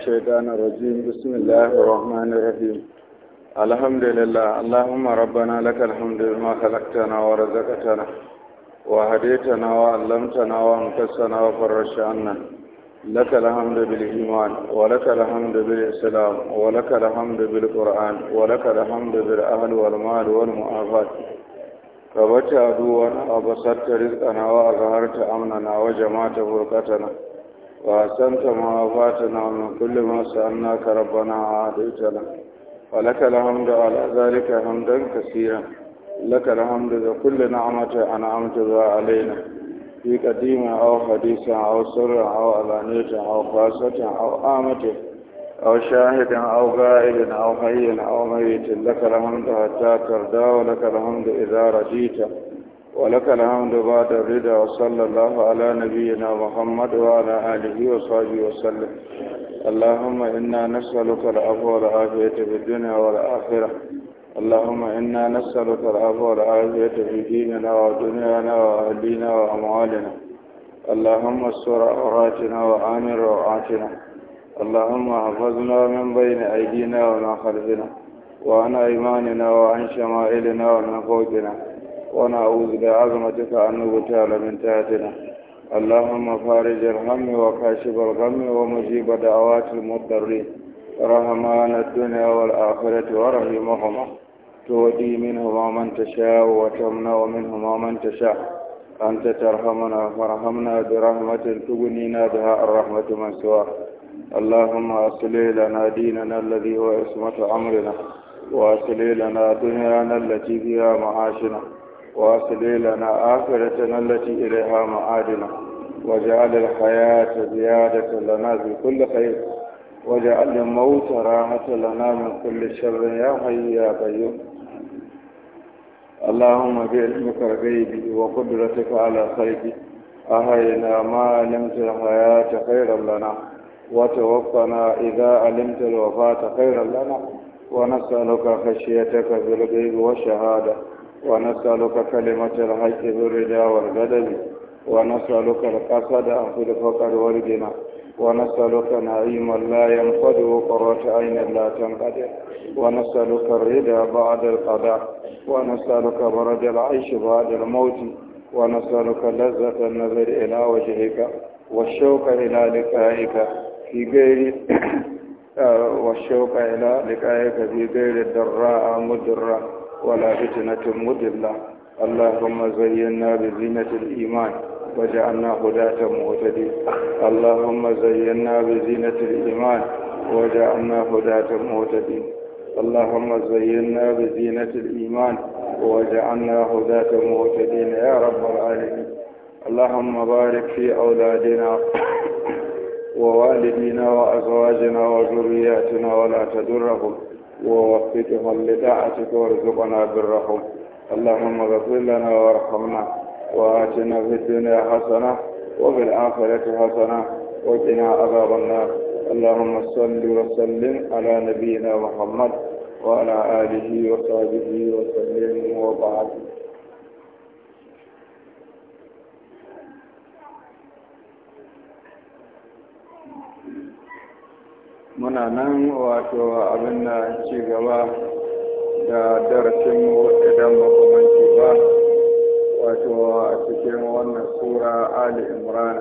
الشيطان الرجيم بسم الله الرحمن الرحيم الحمد لله اللهم ربنا لك الحمد بما خلقتنا ورزقتنا وهديتنا وعلمتنا وانقذتنا وفرجت عنا لك الحمد بالإيمان ولك الحمد بالإسلام ولك الحمد بالقرآن ولك الحمد بالأهل والمال والمعافات كبت عدونا وبسطت رزقنا وأظهرت أمننا وجمعت فرقتنا وأحسنت ما وفاتنا ومن كل ما سألناك ربنا عاديتنا ولك الحمد على ذلك حمدا كثيرا لك الحمد لكل نعمة أنعمت بها علينا في قديم أو حديث أو سر أو علانية أو خاصة أو آمة أو شاهد أو غائب أو حي أو ميت لك الحمد حتى ترضى ولك الحمد إذا رجيت ولك الحمد بعد الرضا وصلى الله على نبينا محمد وعلى آله وصحبه وسلم اللهم إنا نسألك العفو والعافية في الدنيا والآخرة اللهم إنا نسألك العفو والعافية في ديننا ودنيانا وأهلينا وأموالنا اللهم استر عوراتنا وآمن روعاتنا اللهم احفظنا من بين أيدينا ومن خلفنا وعن أيماننا وعن شمائلنا ومن فوقنا ونعوذ بعظمتك أن نبتال من تحتنا اللهم فارج الهم وكاشف الغم ومجيب دعوات المضطرين رحمان الدنيا والآخرة ورحمهما تودي منهما من تشاء وتمنع منهما من تشاء أنت ترحمنا فرحمنا برحمة تغنينا بها الرحمة من سواك اللهم أصلح لنا ديننا الذي هو عصمة أمرنا وأصلح لنا دنيانا التي فيها معاشنا وأصلي لنا آخرتنا التي إليها معادنا وجعل الحياة زيادة لنا في كل خير وجعل الموت راحة لنا من كل شر يا حي يا قيوم اللهم بعلمك الغيب وقدرتك على خيرك أهينا ما علمت الحياة خيرا لنا وتوفنا إذا علمت الوفاة خيرا لنا ونسألك خشيتك في الغيب والشهادة ونسألك كلمة الحيث بالرجاء والبدل ونسألك القصد في الفقر والجنى ونسألك نعيما لا ينقض قرة عين لا تنقضي ونسألك الرضا بعد القضاء ونسألك برد العيش بعد الموت ونسألك لذة النظر إلى وجهك والشوق إلى لقائك في غير آه، والشوق إلى لقائك في غير الدراء مدرة ولا فتنة مضلة اللهم زينا بزينة الإيمان وجعلنا هداة مهتدين اللهم زينا بزينة الإيمان وجعلنا هداة مهتدين اللهم زينا بزينة الإيمان وجعلنا هداة مهتدين يا رب العالمين اللهم بارك في أولادنا ووالدينا وأزواجنا وذرياتنا ولا تدرهم ووفقهم لطاعتك وارزقنا برهم اللهم اغفر لنا وارحمنا وآتنا في الدنيا حسنة وفي الآخرة حسنة وقنا عذاب النار اللهم صل وسلم على نبينا محمد وعلى آله وصحبه وسلم وبعد muna nan wato abin da ci gaba da darasinmu idan ba manci ba wato a cikin wannan sura ali imran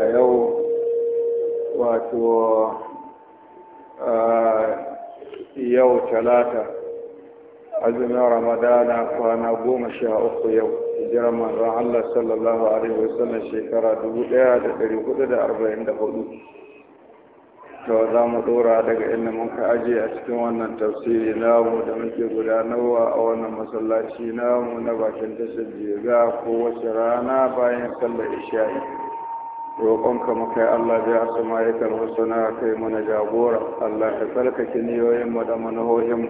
a yau wato yau talata azumin ramadana kwana goma sha uku yau jiraman ran allah sallallahu alaihi wasallam shekara dubu ɗaya da dari hudu da arba'in da hudu to za mu dora daga inda ka aje a cikin wannan tafsiri namu da muke gudanarwa a wannan masallaci namu na bakin tashar jega ko wace rana bayan sallar isha'i roƙonka muka yi Allah biya su ma'aikar husana kai mana jagora Allah ka tsarkake mu da manahohinmu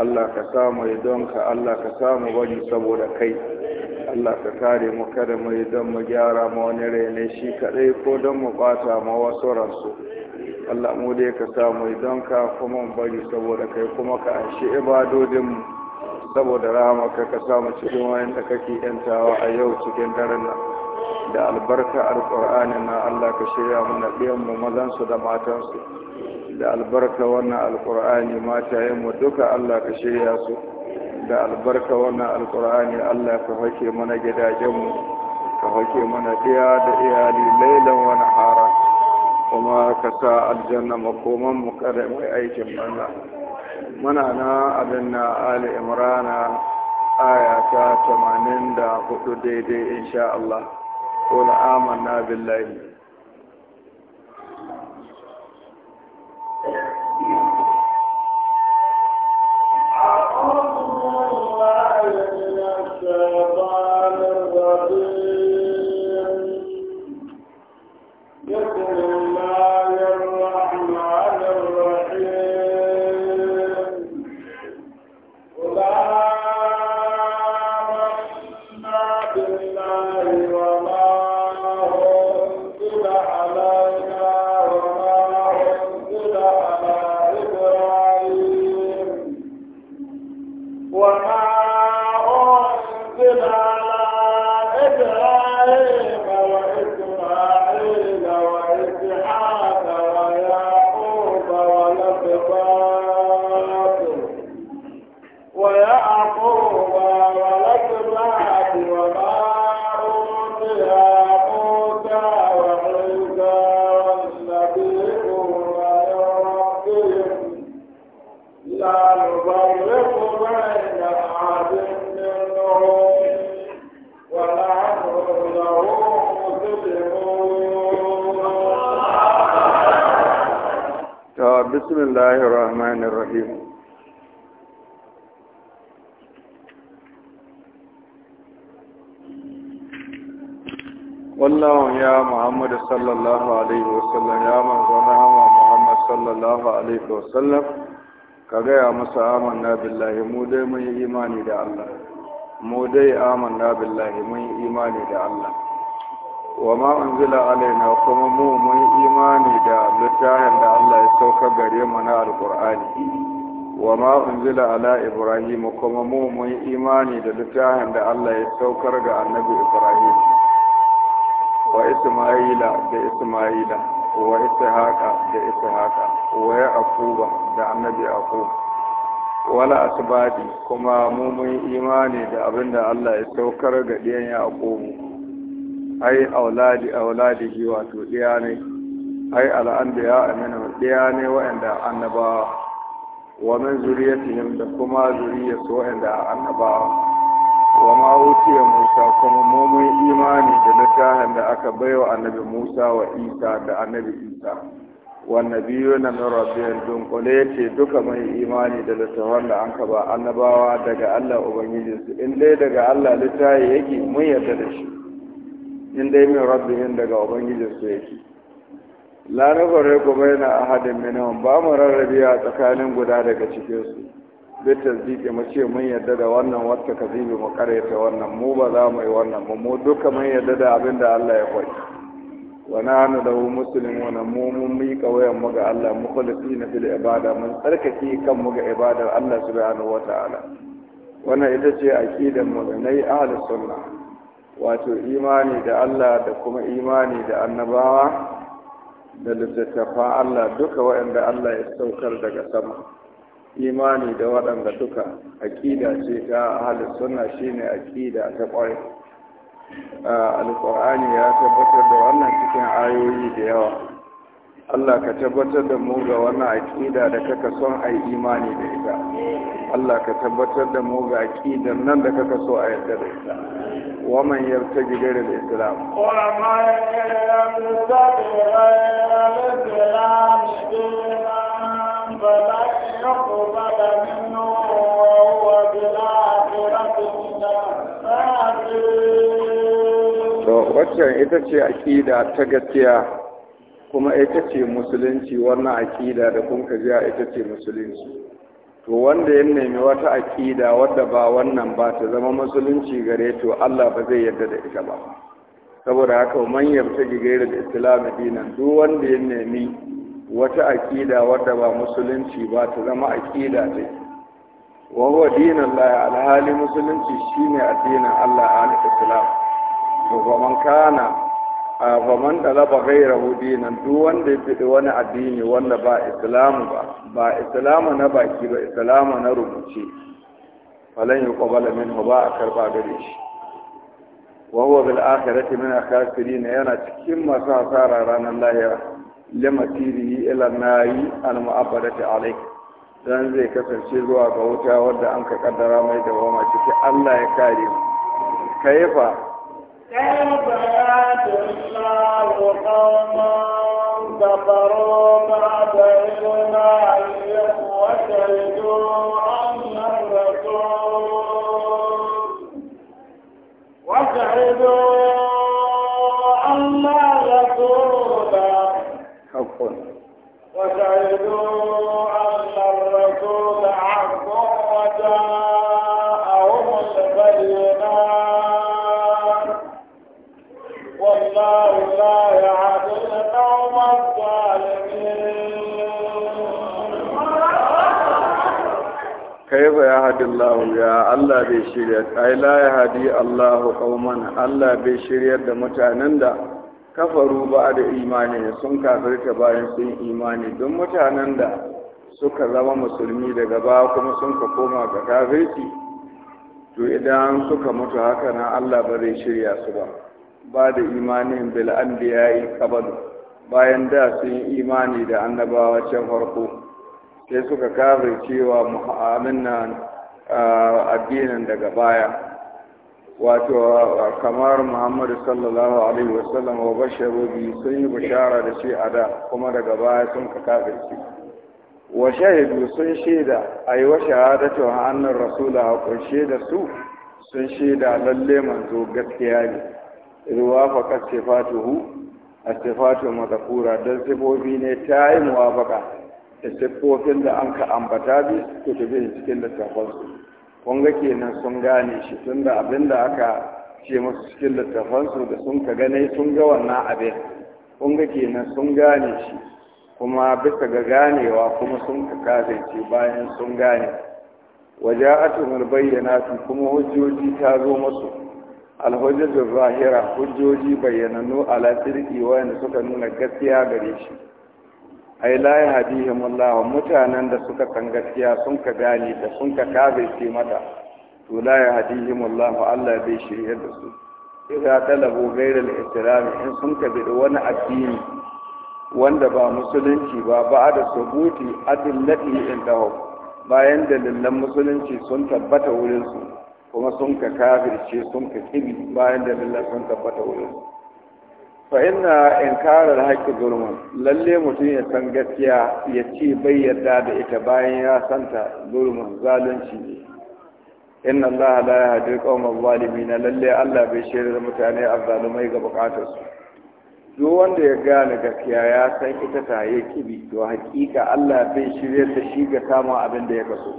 Allah ka samu ka. Allah ka samu bari saboda kai Allah ka kare mu kada mu yi don mu gyara ma wani raine shi kaɗai ko don mu ɓata ma wasu ransu Allah mu dai ka samu don ka kuma bari saboda kai kuma ka ashe ibadodinmu saboda rama ka samu cikin wayan da kake yantawa a yau cikin daren nan da albarka alƙur'ani na Allah ka shirya mana mazan su da matan su. da albarka wannan alƙur'ani mu duka Allah ka shirya su da albarka wannan alƙur'ani Allah ka hake mana gidajenmu ka hake mana ɗiya da iyali lailan wani haram kuma ka sa aljanna makoman mu kada mai aikin banza muna na abin na ali imrana aya ta 84 daidai insha Allah na amanna billahi أعوذ وما الله الرحمن الرحيم wallahun ya muhammadu sallallahu ya manzana hama muhammadu sallallahu ka gaya masa aman na billahi mu mu dai mun yi imani da allah wa ma unzila alaina kuma mu mun imani da littafin da Allah ya sauka gare mu na alqur'ani wa ma unzila ala ibrahim kuma mu mun imani da littafin da Allah ya saukar ga annabi ibrahim wa isma'ila da isma'ila wa ishaqa da ishaqa wa yaquba da annabi yaqub wala Asbadi, kuma mu mun imani da abinda Allah ya saukar ga ɗiyan Yaƙub ai auladi auladi ji wato ɗiya ne ai al'anda ya amina ɗiya ne waɗanda annabawa wa min zuriyatihim da kuma zuriyarsu waɗanda annabawa wa ma ya Musa kuma mumun imani da littafin da aka baiwa annabi Musa wa Isa da annabi Isa wannan biyu na mirabiyan dunkule ya ce duka mai imani da littafin da an ba annabawa daga Allah Ubangijinsu in dai daga Allah littafi yake mun yarda da shi in dai min rabbihin daga ubangijin su yake la nafare ku baina ahadin minhum ba mu rarrabe a tsakanin guda daga cikinsu. su bi tasdiqi mu ce mun yadda da wannan wata kazibi mu ta wannan mu ba za mu yi wannan ba mu duka mun yadda da abin da Allah ya faɗi wa nahnu lahu muslimun mu mun miƙa wayan mu ga Allah na fil ibada mun tsarkake kan mu ga ibadar Allah subhanahu wataala wannan ita ce aqidar mu ne ahlus sunna wato imani da Allah da kuma imani da annabawa da littattafan Allah duka waɗanda Allah ya saukar daga sama imani da waɗanda duka aƙida ce ta suna shi shine aƙida ta ƙwai alƙur'ani ya tabbatar da wannan cikin ayoyi da yawa Allah ka tabbatar da mu ga wannan aƙida da kaka son a yi imani da ita Allah ka tabbatar da mu ga aƙidar nan da kaka so a yarda da ita wa man yartaji da islam islam dinan fala yuqbal minhu wa huwa ita ce aƙida ta gaskiya kuma ita ce musulunci wannan aƙida da kun ka jiya ita ce musulunci to wanda ya nemi wata aƙida wadda ba wannan ba ta zama musulunci gare to Allah ba zai yarda da ita ba saboda haka man yarda gigayar da islam dinan duk wanda ya nemi wata aƙida wadda ba musulunci ba ta zama aƙida ce wa huwa dinul alhali musulunci shine addinin Allah a al-islam to man kana a faman talaba gaira dinan duk wanda ya fi wani addini wanda ba islamu ba ba islamu na baki ba islamu na rubuce falan yi ƙwabala min ba a karɓa gare shi wa huwa bil akhirati min al-khasirin yana cikin masu hasara ranar lahira lima ila nayi al-mu'abbadati alayhi dan zai kasance zuwa ga wuta wadda an ka kaddara mai dawama ciki Allah ya kare kaifa kaifa قوما كفروا بعد إيمانهم وشهدوا أن الرسول وشهدوا Allahu ya Allah bai shirya ai la yahdi Allahu qauman Allah bai shiryar da mutanen da kafaru ba da imani sun kafirta bayan sun imani don mutanen da suka zama musulmi daga ba kuma sun ka koma ga kafirci to idan suka mutu haka nan Allah ba zai shirya su ba ba da imanin bil anbiya'i qablu bayan da sun yi imani da annabawa can farko sai suka kafircewa mu'amin nan addinin daga baya wato kamar muhammadu sallallahu alaihi wasallam wa basharu bi sun yi bishara da shi a da kuma daga baya sun ka kafirci wa shahidu sun shaida yi wa ta hannun rasula a kunshe da su sun shaida lalle manzo gaskiya ne ruwa fa a asifatu madhkura don sifofi ne ta yi muwafaka da sifofin da an ka ambata bi kutubin cikin littafansu Kunga kenan sun gane shi tunda abin da aka ce musu cikin littafansu da sun ka gane sun ga wannan abin Kunga kenan sun gane shi kuma bisa ga ganewa kuma sun ka kasance bayan sun gane waja'atul bayyanatu kuma hujjoji ta zo musu alhujjatul zahira hujjoji bayyananu ala wayanda suka nuna gaskiya gare shi ai la yahdihim Allah mutanen da suka san gaskiya sun ka gani da sun ka kafirce mata to la yahdihim Allah Allah bai shirye da su idan talabu ghairal islam in sun ka bi wani addini wanda ba musulunci ba ba da subuti adillati indahu bayan dalilan musulunci sun tabbata wurin su kuma sun ka kafirce sun ka kibi bayan dalilan sun tabbata wurin su fa inna inkarar haƙƙi zulmun lalle mutum ya san gaskiya ya ce bai yarda da ita bayan ya santa zulmun zalunci ne inna Allah la yahdi qawman zalimin lalle Allah bai da mutane azzalumai ga bukatar su duk wanda ya gane gaskiya ya san ita ta yi kibi to haƙiƙa Allah bai shirye da shi ga samun abin da ya kaso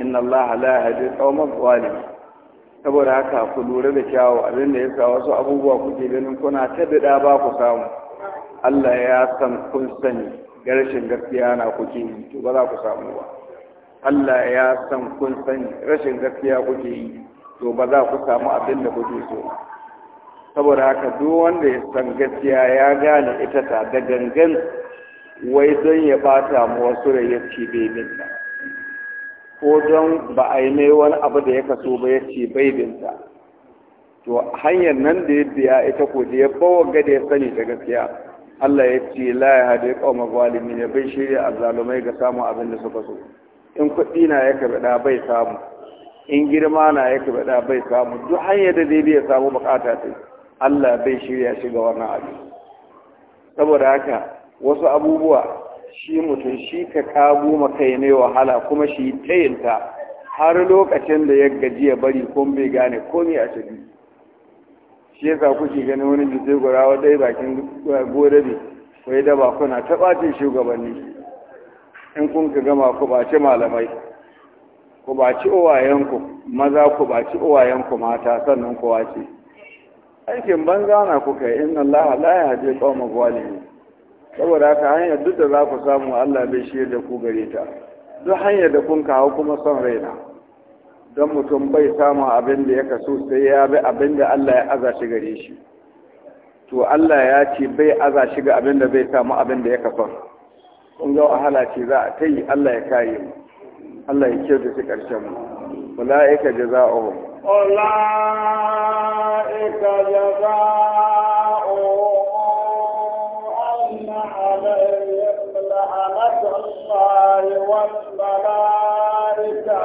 inna Allah la yahdi qawman zalimin saboda haka ku lura da kyawu abin da ya sa wasu abubuwa kuke ganin kuna ta daɗa ba ku samu Allah ya san kun sani ga rashin gaskiya na kuke yi to ba za ku samu ba Allah ya san kun sani rashin gaskiya kuke yi to ba za ku samu abin da kuke so saboda haka duk wanda ya san gaskiya ya gane ita ta da gangan wai don ya bata mu wasu rayyaci bai min nan ko don ba a yi mai wani abu da ya kaso ba ya ce bai to hanyar nan da ya biya ita ko da ya bawa gada ya sani da gaskiya Allah ya ce la ya hada ya kawo magwalimi ya bai shirya a zalumai ga samun abin da suka so in kuɗi na ya kaɓe bai samu in girma na ya kaɓe bai samu duk hanyar da zai biya samu bukata ta Allah bai shirya shiga wannan abin saboda haka wasu abubuwa shi mutum shi ka kago makai ne wahala kuma shi tayinta har lokacin da ya gaji ya bari ko bai gane komai a cikin shi yasa kuke gani wani jisai wa dai bakin eh, godabe wai da ba kuna ta ɓacin shugabanni in kun ka gama ku ɓaci malamai ku ɓaci uwayenku maza ku ɓaci uwayenku mata sannan ku wace aikin banza na kuka yi inna Allah la ya haje qauma ne. saboda haka hanyar duk da za ku samu Allah bai shirya da ku gare ta duk hanyar da kun kawo kuma son raina don mutum bai samu abin da ya kaso sai ya bi abin da Allah ya aza shi gare shi to Allah ya ce bai aza shi ga abin da bai samu abin da ya kaso kun ga wahala ce za a ta yi Allah ya kare mu Allah ya kyauta su ƙarshen mu ulaika jaza'uhum ulaika jaza'uhum عليهم الله والملائكة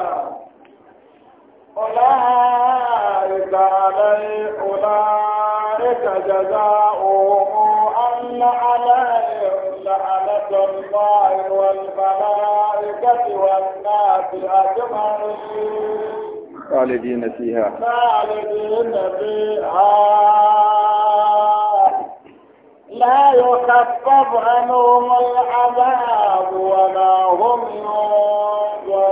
أولئك علي أولئك جزاؤهم أن عليهم لعنة الله والملائكة والناس أجمعين خالدين فيها خالدين فيها لا يخفف عنهم العذاب ولا هم ينظرون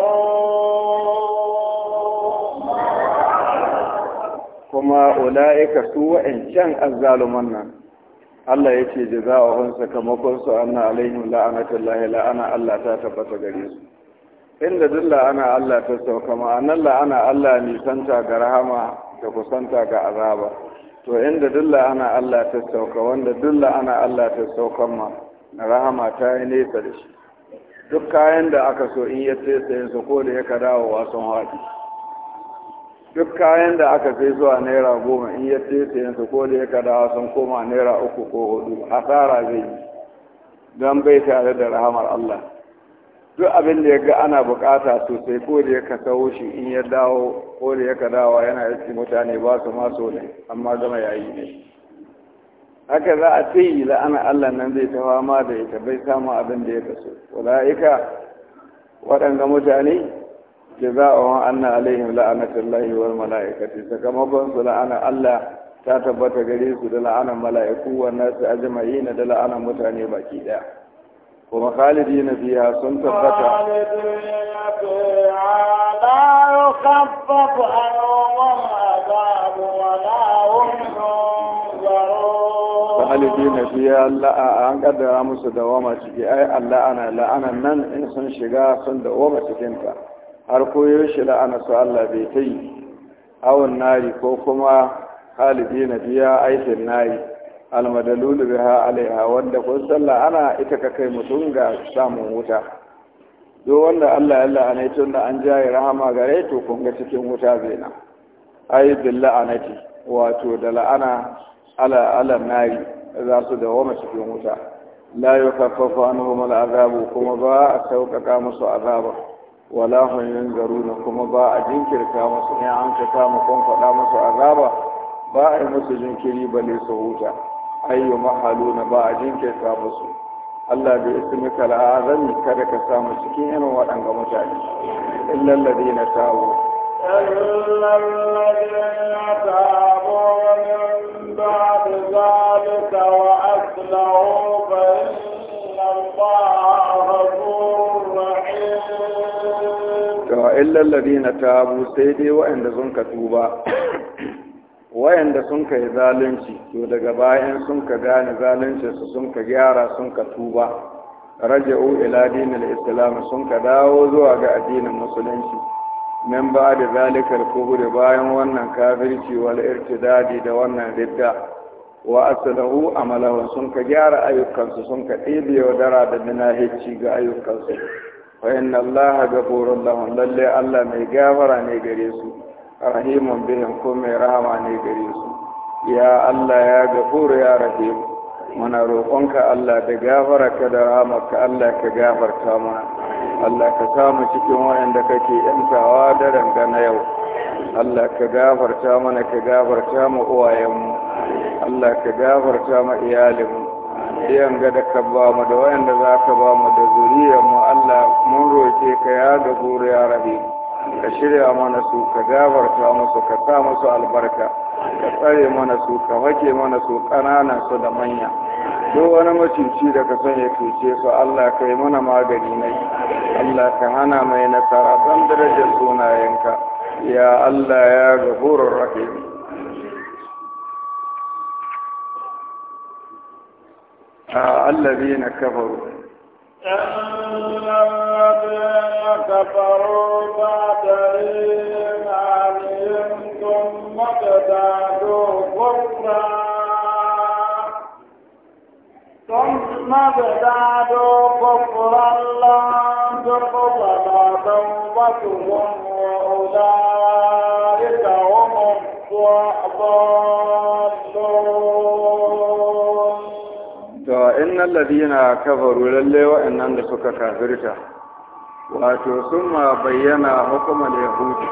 كما أولئك سوء إن شان الظالمون Allah ya ce za a jaza'ahun sakamakonsu anna alaihim la'anatullahi la'ana Allah ta tabbata gare su inda duk la'ana Allah ta sauka ma'anar la'ana Allah nisanta ga rahama da kusanta ga azaba to inda dulla ana Allah ta sauka wanda dulla ana Allah ta saukan ma na rahama ta yi nesa da shi duk kayan da aka so in ya sai su ko da ya ka dawo, wasan haɗi duk kayan da aka sai zuwa naira goma in ya sai su ko da ya ka dawo, sun koma naira uku ko hudu asara zai yi don bai tare da rahamar Allah duk abin da ya ga ana bukata sosai ko da ya ka kawo shi in ya dawo ko da ya ka dawo, yana yake mutane ba su maso ne amma gama yayi ne haka za a ce yi la'ana Allah nan zai ta fama da ita bai samu abin da ya so wala'ika waɗanda mutane ke za a wa anna alaihim la'anatun lahi wal mala'ikati sakamakon su la'ana Allah ta tabbata gare su da la'anan mala'iku wannan su ajma'ina da la'anan mutane baki ɗaya kuma khalidi na biya sun tabbata khalidi na biya la'a an kaddara musu wama ciki ai Allah ana la'anan nan in sun shiga sun da wama cikinta har koyo shi la'ana su Allah bai ta yi awon nari ko kuma khalidi na biya aikin nari almadalulu biha alaiha wanda kun sallah ana ita ka kai mutum ga samun wuta duk wanda Allah ya la'ana tun da an jaye rahama gare to kun ga cikin wuta zai na ai bil la'anati wato da la'ana ala ala nari za su dawoma cikin wuta la yukaffafu anhum al'azabu kuma ba a sauƙaƙa musu azaba wala hum yunzaruna kuma ba a jinkirta musu in an ka samu kun faɗa musu azaba ba a yi musu jinkiri bale su wuta. أي محلون باعجين كيسا بسو الله باسمك الآذن كدك سام سكين وأنك مجاج إلا الذين تابوا إلا الذين تابوا من بعد ذلك وأسلموا فإن الله غفور رحيم إلا الذين تابوا سيدي وإن زنك توبا wayanda sun ka yi zalunci to daga bayan sun ka gane zaluncinsu sun ka gyara sun ka tuba raja'u ila dinil islam sun ka dawo zuwa ga addinin musulunci min ba da zalikar kubure bayan wannan kafirci wal irtidadi da wannan ridda wa asalahu amalahu sun ka gyara ayyukansu sun ka ɗebe dara da minahici ga ayyukansu fa inna allaha ghafurur lahum lalle allah mai gafara ne gare su rahimun bihim ko mai rahama ne gare su ya Allah ya gafuru ya rahim muna roƙonka Allah da gafara ka da ka Allah ka gafarta mana Allah ka samu cikin waɗanda kake yantawa da rangana yau Allah ka gafarta mana ka gafarta mu uwayenmu Allah ka gafarta mu iyalinmu iyan ga da ka ba mu da wayanda za ka ba mu da zuriyarmu Allah mun roƙe ka ya gafuru ya rahim ka shirya mana su ka gabarta musu ka sa musu albarka ka tsare mana su ka wake mana su ƙananan su da manya duk wani macici da ka sanya ya cuce su Allah ka yi mana magani ne Allah ka hana mai nasara don darajar sunayenka ya Allah ya gafurur rahim الذين ah, كفروا الذين كفروا بعد إيمانهم ثم ازدادوا كفرا ثم ازدادوا كفرا لن تقبل توبتهم وأولئك هم الضالون to innal ladina kafaru lalle wa'annan da suka kafirta wato summa bayyana hukumar yahudi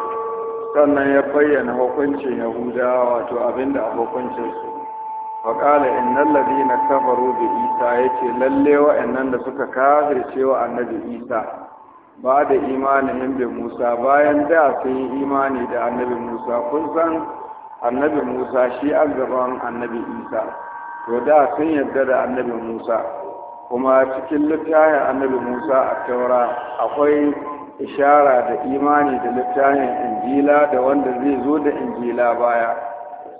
sannan ya bayyana hukuncin yahuda wato abinda a hukuncin su wa qala innal ladina kafaru da isa yace lalle wa'annan da suka kafirce wa annabi isa ba da imanin bi musa bayan da sun yi imani da annabi musa kun san annabi musa shi an gaban annabi isa to da sun yarda da annabi musa kuma cikin littafin annabi musa a taura akwai ishara da imani da littafin injila da wanda zai zo da injila baya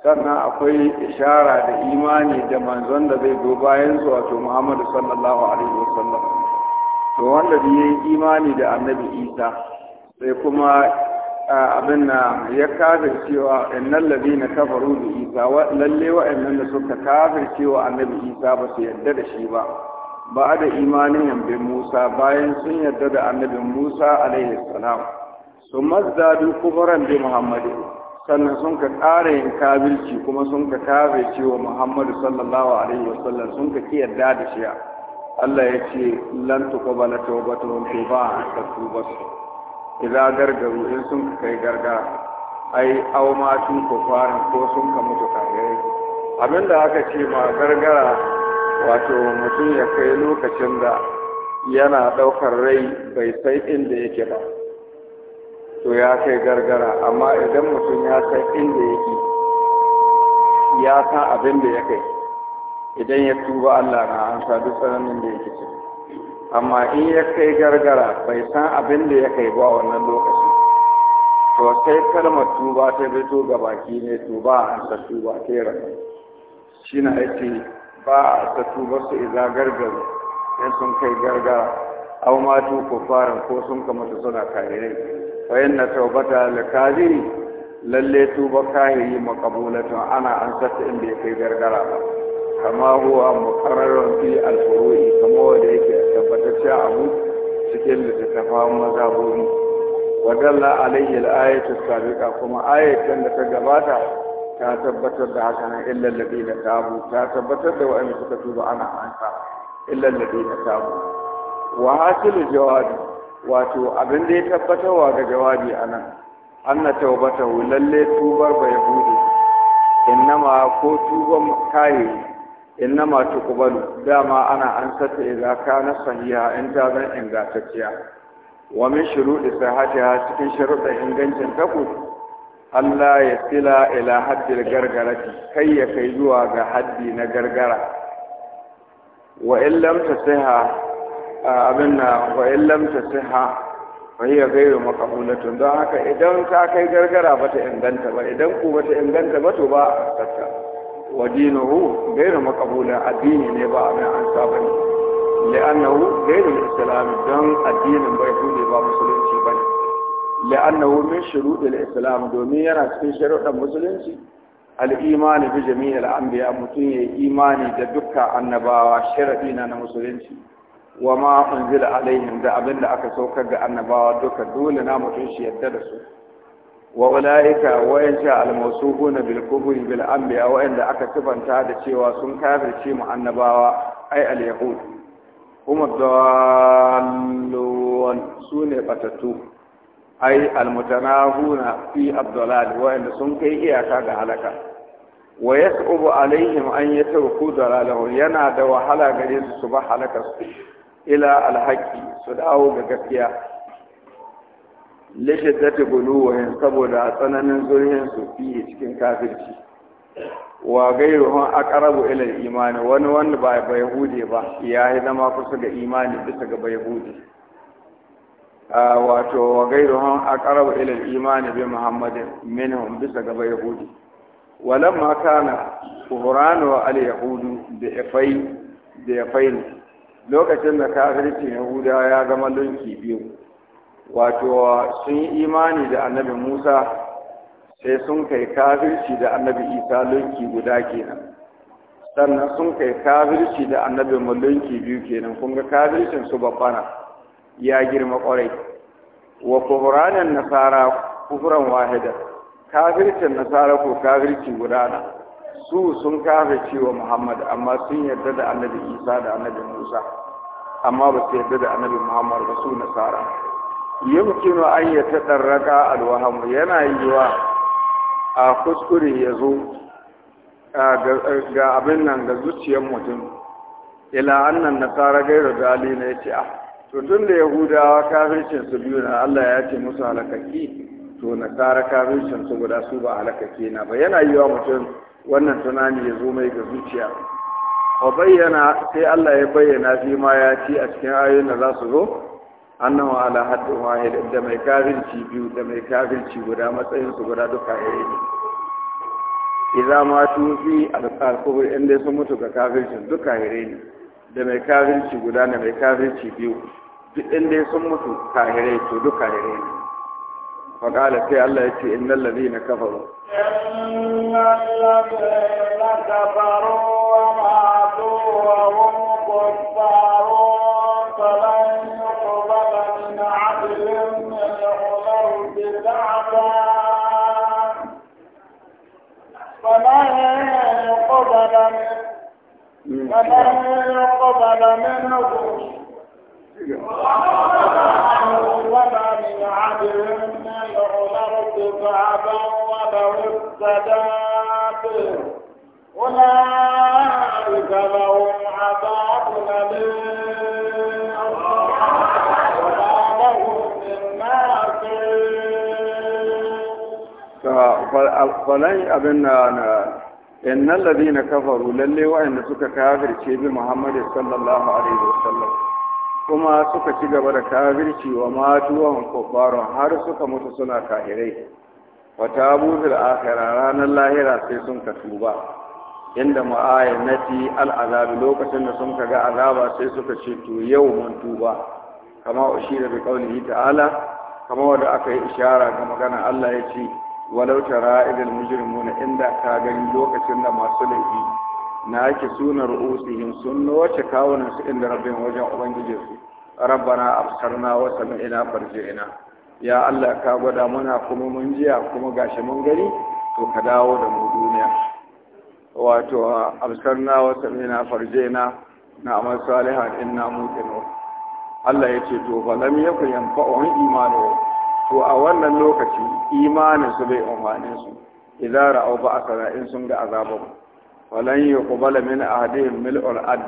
sannan akwai ishara da imani da manzon da zai zo bayan su wato muhammadu sallallahu alaihi wasallam to wanda yi imani da annabi isa sai kuma abin ya kafir cewa innal na kafaru bi isa lalle wa'annan da suka kafir cewa annabi isa ba su yarda da shi ba ba da imanin bi musa bayan sun yarda da annabi musa alaihi salam su mazdadu kufaran bi muhammadu sannan sun ka ƙara yin kafirci kuma sun ka kafir cewa muhammadu sallallahu alaihi wasallam sun ka ki yarda da shi Allah ya ce lan tuqbala tawbatuhum tuba ta tubasu idza gargaru in sun kai gargara ai aw ma tun farin, ko sun ka mutu Abin abinda aka ce ma gargara wato mutum ya kai lokacin da yana ɗaukar rai bai sai inda yake ba to ya kai gargara amma idan mutum ya san inda yake ya san abin da ya kai idan ya tuba Allah na an sadu duk tsananin da yake ciki amma in ya kai gargara bai san abin da ya kai ba wannan lokaci to sai kalmar tuba ta fito ga baki ne tuba an sa tuba ta yi shi na yake ba a ta tuba su iza gargara in sun kai gargara au ma tu kufarin ko sun kamata suna kare ne fa yanna taubata kadiri lalle tuba kayayi makabulatu ana an sata inda ya kai gargara ba kama huwa muqarrarun fi al-furu'i kama wanda yake tabbatacce abu cikin littattafan mazhabuni wadalla alayhi al-ayatu sabiqa kuma ayatan da ta gabata ta tabbatar da haka nan illa alladhina tabu ta tabbatar da wa'anda suka tuba ana ansa illa alladhina tabu wa hasilu jawabi wato abin da ya tabbatarwa ga jawabi anan anna tawbatahu lalle tubar bai bude innama ko tuban kare ma tuqbalu dama ana an sata idza kana sahiha in ta zan ingantacciya wa min shuruɗi sahatiha cikin sharuɗin ingancin taku Allah ya sila ila haddil gargarati kai ya kai zuwa ga haddi na gargara wa in lam tasiha abin na wa in lam tasiha fa hiya ghayru maqbulatun don haka idan ta kai gargara bata inganta ba idan ba bata inganta ba to ba a wa dinuhu gairu maqbulin addini ne ba abin an saba ne li'annahu gairu islam don addinin bai hude ba musulunci bane li'annahu min shurudil islam domin yana cikin sharuɗan musulunci al'imani bi jami'il anbiya mutum ya imani da dukkan annabawa sharadi na na musulunci wa ma unzila alaihim da abin da aka saukar ga annabawa duka dole na mutum shi yadda da su wa ulaika wayanta almawsufuna bil kufri bil anbiya wayanda aka sifanta da cewa sun kafirce mu annabawa ai al yahud kuma dallon sune batatu ai almutanahuna fi abdalal wayanda sun kai iyaka ga halaka wa yas'ubu alaihim an yatruku dalalahu yana da wahala gare su su ba halaka ila alhaki, su dawo ga gaskiya lishiddati guluwin saboda tsananin zurhin su fiye cikin kafirci wa gairu hon aqrabu ilin imani wani wanda ba ba yahudi ba ya yi zama kusa ga imani bisa ga yahudi wato wa gairu hon aqrabu ilin imani bi muhammadin minhum bisa ga yahudi walamma kana wa al yahudu da ifai da ifain lokacin da kafirci yahuda ya zama lunki biyu wato sun yi imani da annabi musa sai sun kai kafirci da annabi isa lunki guda kenan sannan sun kai kafirci da annabi mulunki biyu kenan kun ga kafircin su babbana ya girma kwarai wa kufranin nasara kufran wahida kafircin nasara ko kafirci guda na su sun kafirci wa muhammad amma sun yarda da annabi isa da annabi musa amma ba su yarda da annabi muhammad ba su nasara yumkinu an ya tadarraka alwahamu yana yiwa a kuskure ya zo ga abin nan ga zuciyar mutum ila annan nasara gairu gali na yace ah to tun da yahudawa kafircin su biyu na Allah ya ce musu halakaki to nasara kafircin su guda su ba halakaki na ba yana yiwa mutum wannan tunani ya zo mai ga zuciya wa bayyana sai Allah ya bayyana fi ma ya ci a cikin ayoyin da za su zo annan wa ala haddin wahid da mai kafirci biyu da mai kafirci guda matsayin su guda duka iri ne idan ma tufi al-kafir inda sun mutu ga kafirci duka iri ne da mai kafirci guda da mai kafirci biyu duk inda sun mutu kahirai to duka iri ne fa qala sai Allah yace innal ladina kafaru innal ladina kafaru wa matu wa hum kuffar فمن قبل فمن قبل منه وما من عدل عبد الأرض فعبا وله السداد أولئك لهم عذاب أليم falan abin na na innan na kafaru lalle wa'anda suka kafirce bi muhammad sallallahu alaihi wasallam kuma suka ci gaba da kafirci wa matuwan kofaro har suka mutu suna kahirai wata buzul akhira ranar lahira sai sun ka tuba inda ma'ayanati al'azabi lokacin da sun ka ga azaba sai suka ce to yau mun tuba kama ushira bi qaulihi ta'ala kama wanda aka yi ishara ga magana Allah ya ce walau tara idal mujrimuna inda ka gani lokacin da masu laifi na yake sunar usihin sun wace kawunan su inda rabbin wajen ubangijin su rabbana absarna wa farje farji'na ya Allah ka gwada mana kuma mun jiya kuma gashi mun gani to ka dawo da mu duniya wato absarna wa sami'na farji'na na amal salihan inna muqinun Allah ya ce to balam yakun yanfa'uhum imanuhum to a wannan lokaci imanin su bai amfane su idza ba ba'sara in sun ga azabahu walan yuqbala min ahadin mil'ul ad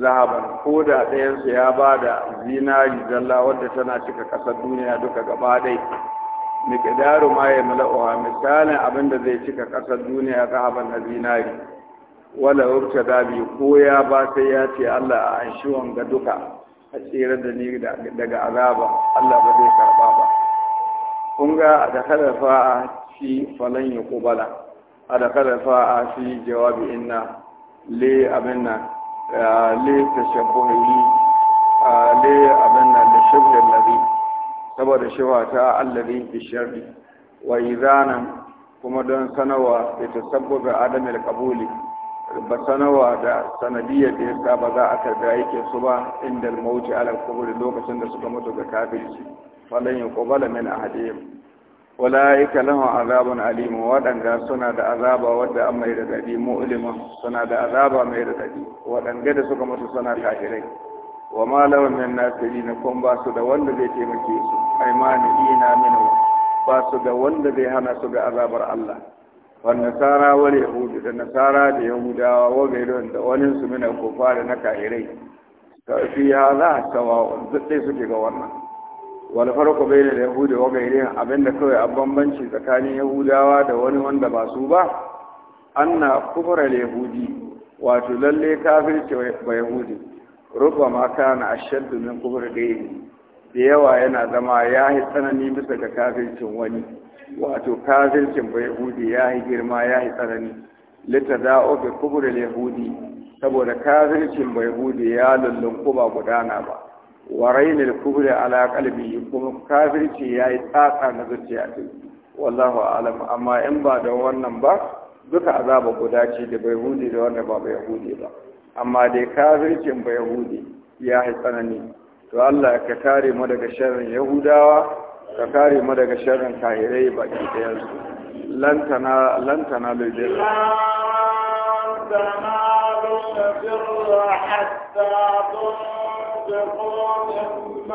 zahaban ko da ɗayan ya ba da zinari zalla wadda tana cika ƙasar duniya duka gaba ɗai miqdaru ma yamla'uha misalin da zai cika ƙasar duniya zahaban na zinari wala rubta dabi ko ya ba sai ya ce Allah a anshi wanga duka a tsere da ni daga azaba Allah ba zai karɓa ba kun ga a da fa'a fi falon ya kubala a da kada fa'a fi jawabi inna le abin nan le tashabbuhi le abin nan da shibhir ladhi saboda shiwa ta allari da sharri wa zanen kuma don sanawa da ta tasabbuba adamil kabuli ba sanawa da sanadiyar da yasa ba za a karbi aikin su ba inda mauti alal kabuli lokacin da suka mutu ga kafirci falan yuqbala min ahadihim ulaika lahum azabun alim waɗanda suna da azaba wadda an mai radadi mu'limun suna da azaba mai radadi waɗanda da suka mutu suna kafirai wa ma lahum min nasirin kun ba su da wanda zai taimake su aymani ina minu ba su da wanda zai hana su ga azabar Allah والنصارى واليهود النصارى اليهود وغيرهم da da wani su mina kufar na kahirai fi hadha sawa duk sai suke ga wannan wani farko bai da yahudu wa gairi abinda kawai a bambanci tsakanin yahudawa da wani wanda ba su ba An anna kubra yahudi wato lalle kafirce ba yahudi rubba ma kana ashaddu min kufra gairi da yawa yana zama ya yi tsanani bisa ga kafircin wani wato kafircin ba yahudi ya yi girma ya yi tsanani za ofe bi da yahudi saboda kafircin ba yahudi ya lullun ba gudana ba warai rainil kubri ala qalbi kuma kafirci yi tsatsa na zuciya ce wallahu alam amma in ba da wannan ba duka azaba guda ce da bai hude da wanda ba bai hude ba amma dai kafircin bai hudi ya yi tsanani to Allah ka kare mu daga sharrin yahudawa ka kare mu daga sharrin kahirai baki ɗaya su lantana lantana lujir lantana lujir hatta وانفقوا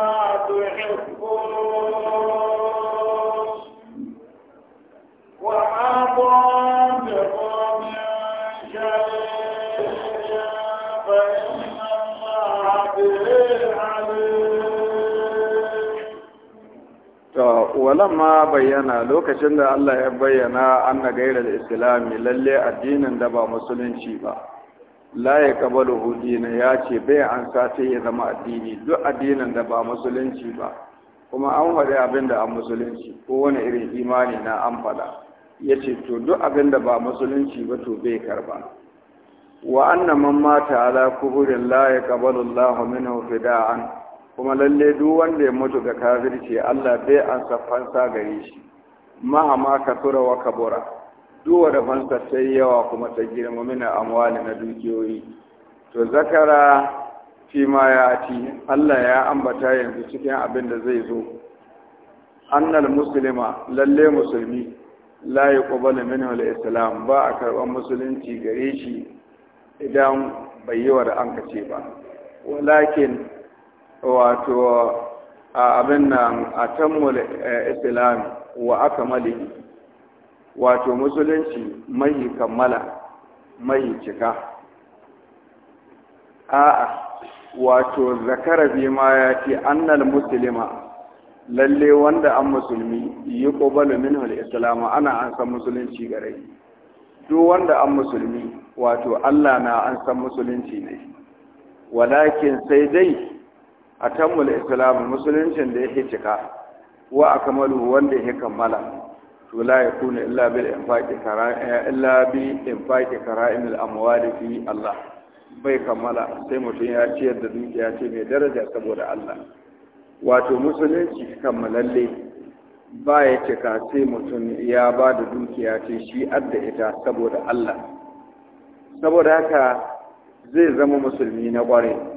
ma bayyana lokacin da Allah ya bayyana an na gairar islami lalle addinin da ba musulunci ba la ya kabalu hudina ya ce bai an sace ya zama addini duk addinin da ba musulunci ba kuma an faɗi abin da an musulunci ko wani irin imani na an faɗa ya ce to duk abin da ba musulunci ba to bai karba wa annan man mata ala kuburin la ya kabalu allahu minhu fida'an kuma lalle duk wanda ya mutu ga kafirci Allah bai an fansa gare shi mahama tura wa kabura duwa da fansa sai yawa kuma ta girma mina amwali na dukiyoyi to zakara fi ma ya ci Allah ya ambata yanzu cikin abin da zai zo annal muslima lalle musulmi la yuqbalu minhu al-islam ba a karban musulunci gare shi idan bai yi wa da an kace ba walakin wato abin nan a atammul eh, islam wa akmalihi wato musulunci mai kammala mai cika a'a wato zakarabi ma ya ce annal musulma lalle wanda an musulmi yi ƙobalu min islamu ana an san musulunci gare duk wanda an musulmi wato allah na an san musulunci ne walakin sai dai a tammula islamu musuluncin da ya cika wa a wanda ya kammala to la yakunu illa bil infaqi kara illa bi infaqi kara'im al amwali fi Allah bai kamala sai mutum ya ciyar da dukiya ce mai daraja saboda Allah wato musulunci kammalalle ba ya cika sai mutum ya ba da dukiya ce shi adda ita saboda Allah saboda haka zai zama musulmi na ƙwarai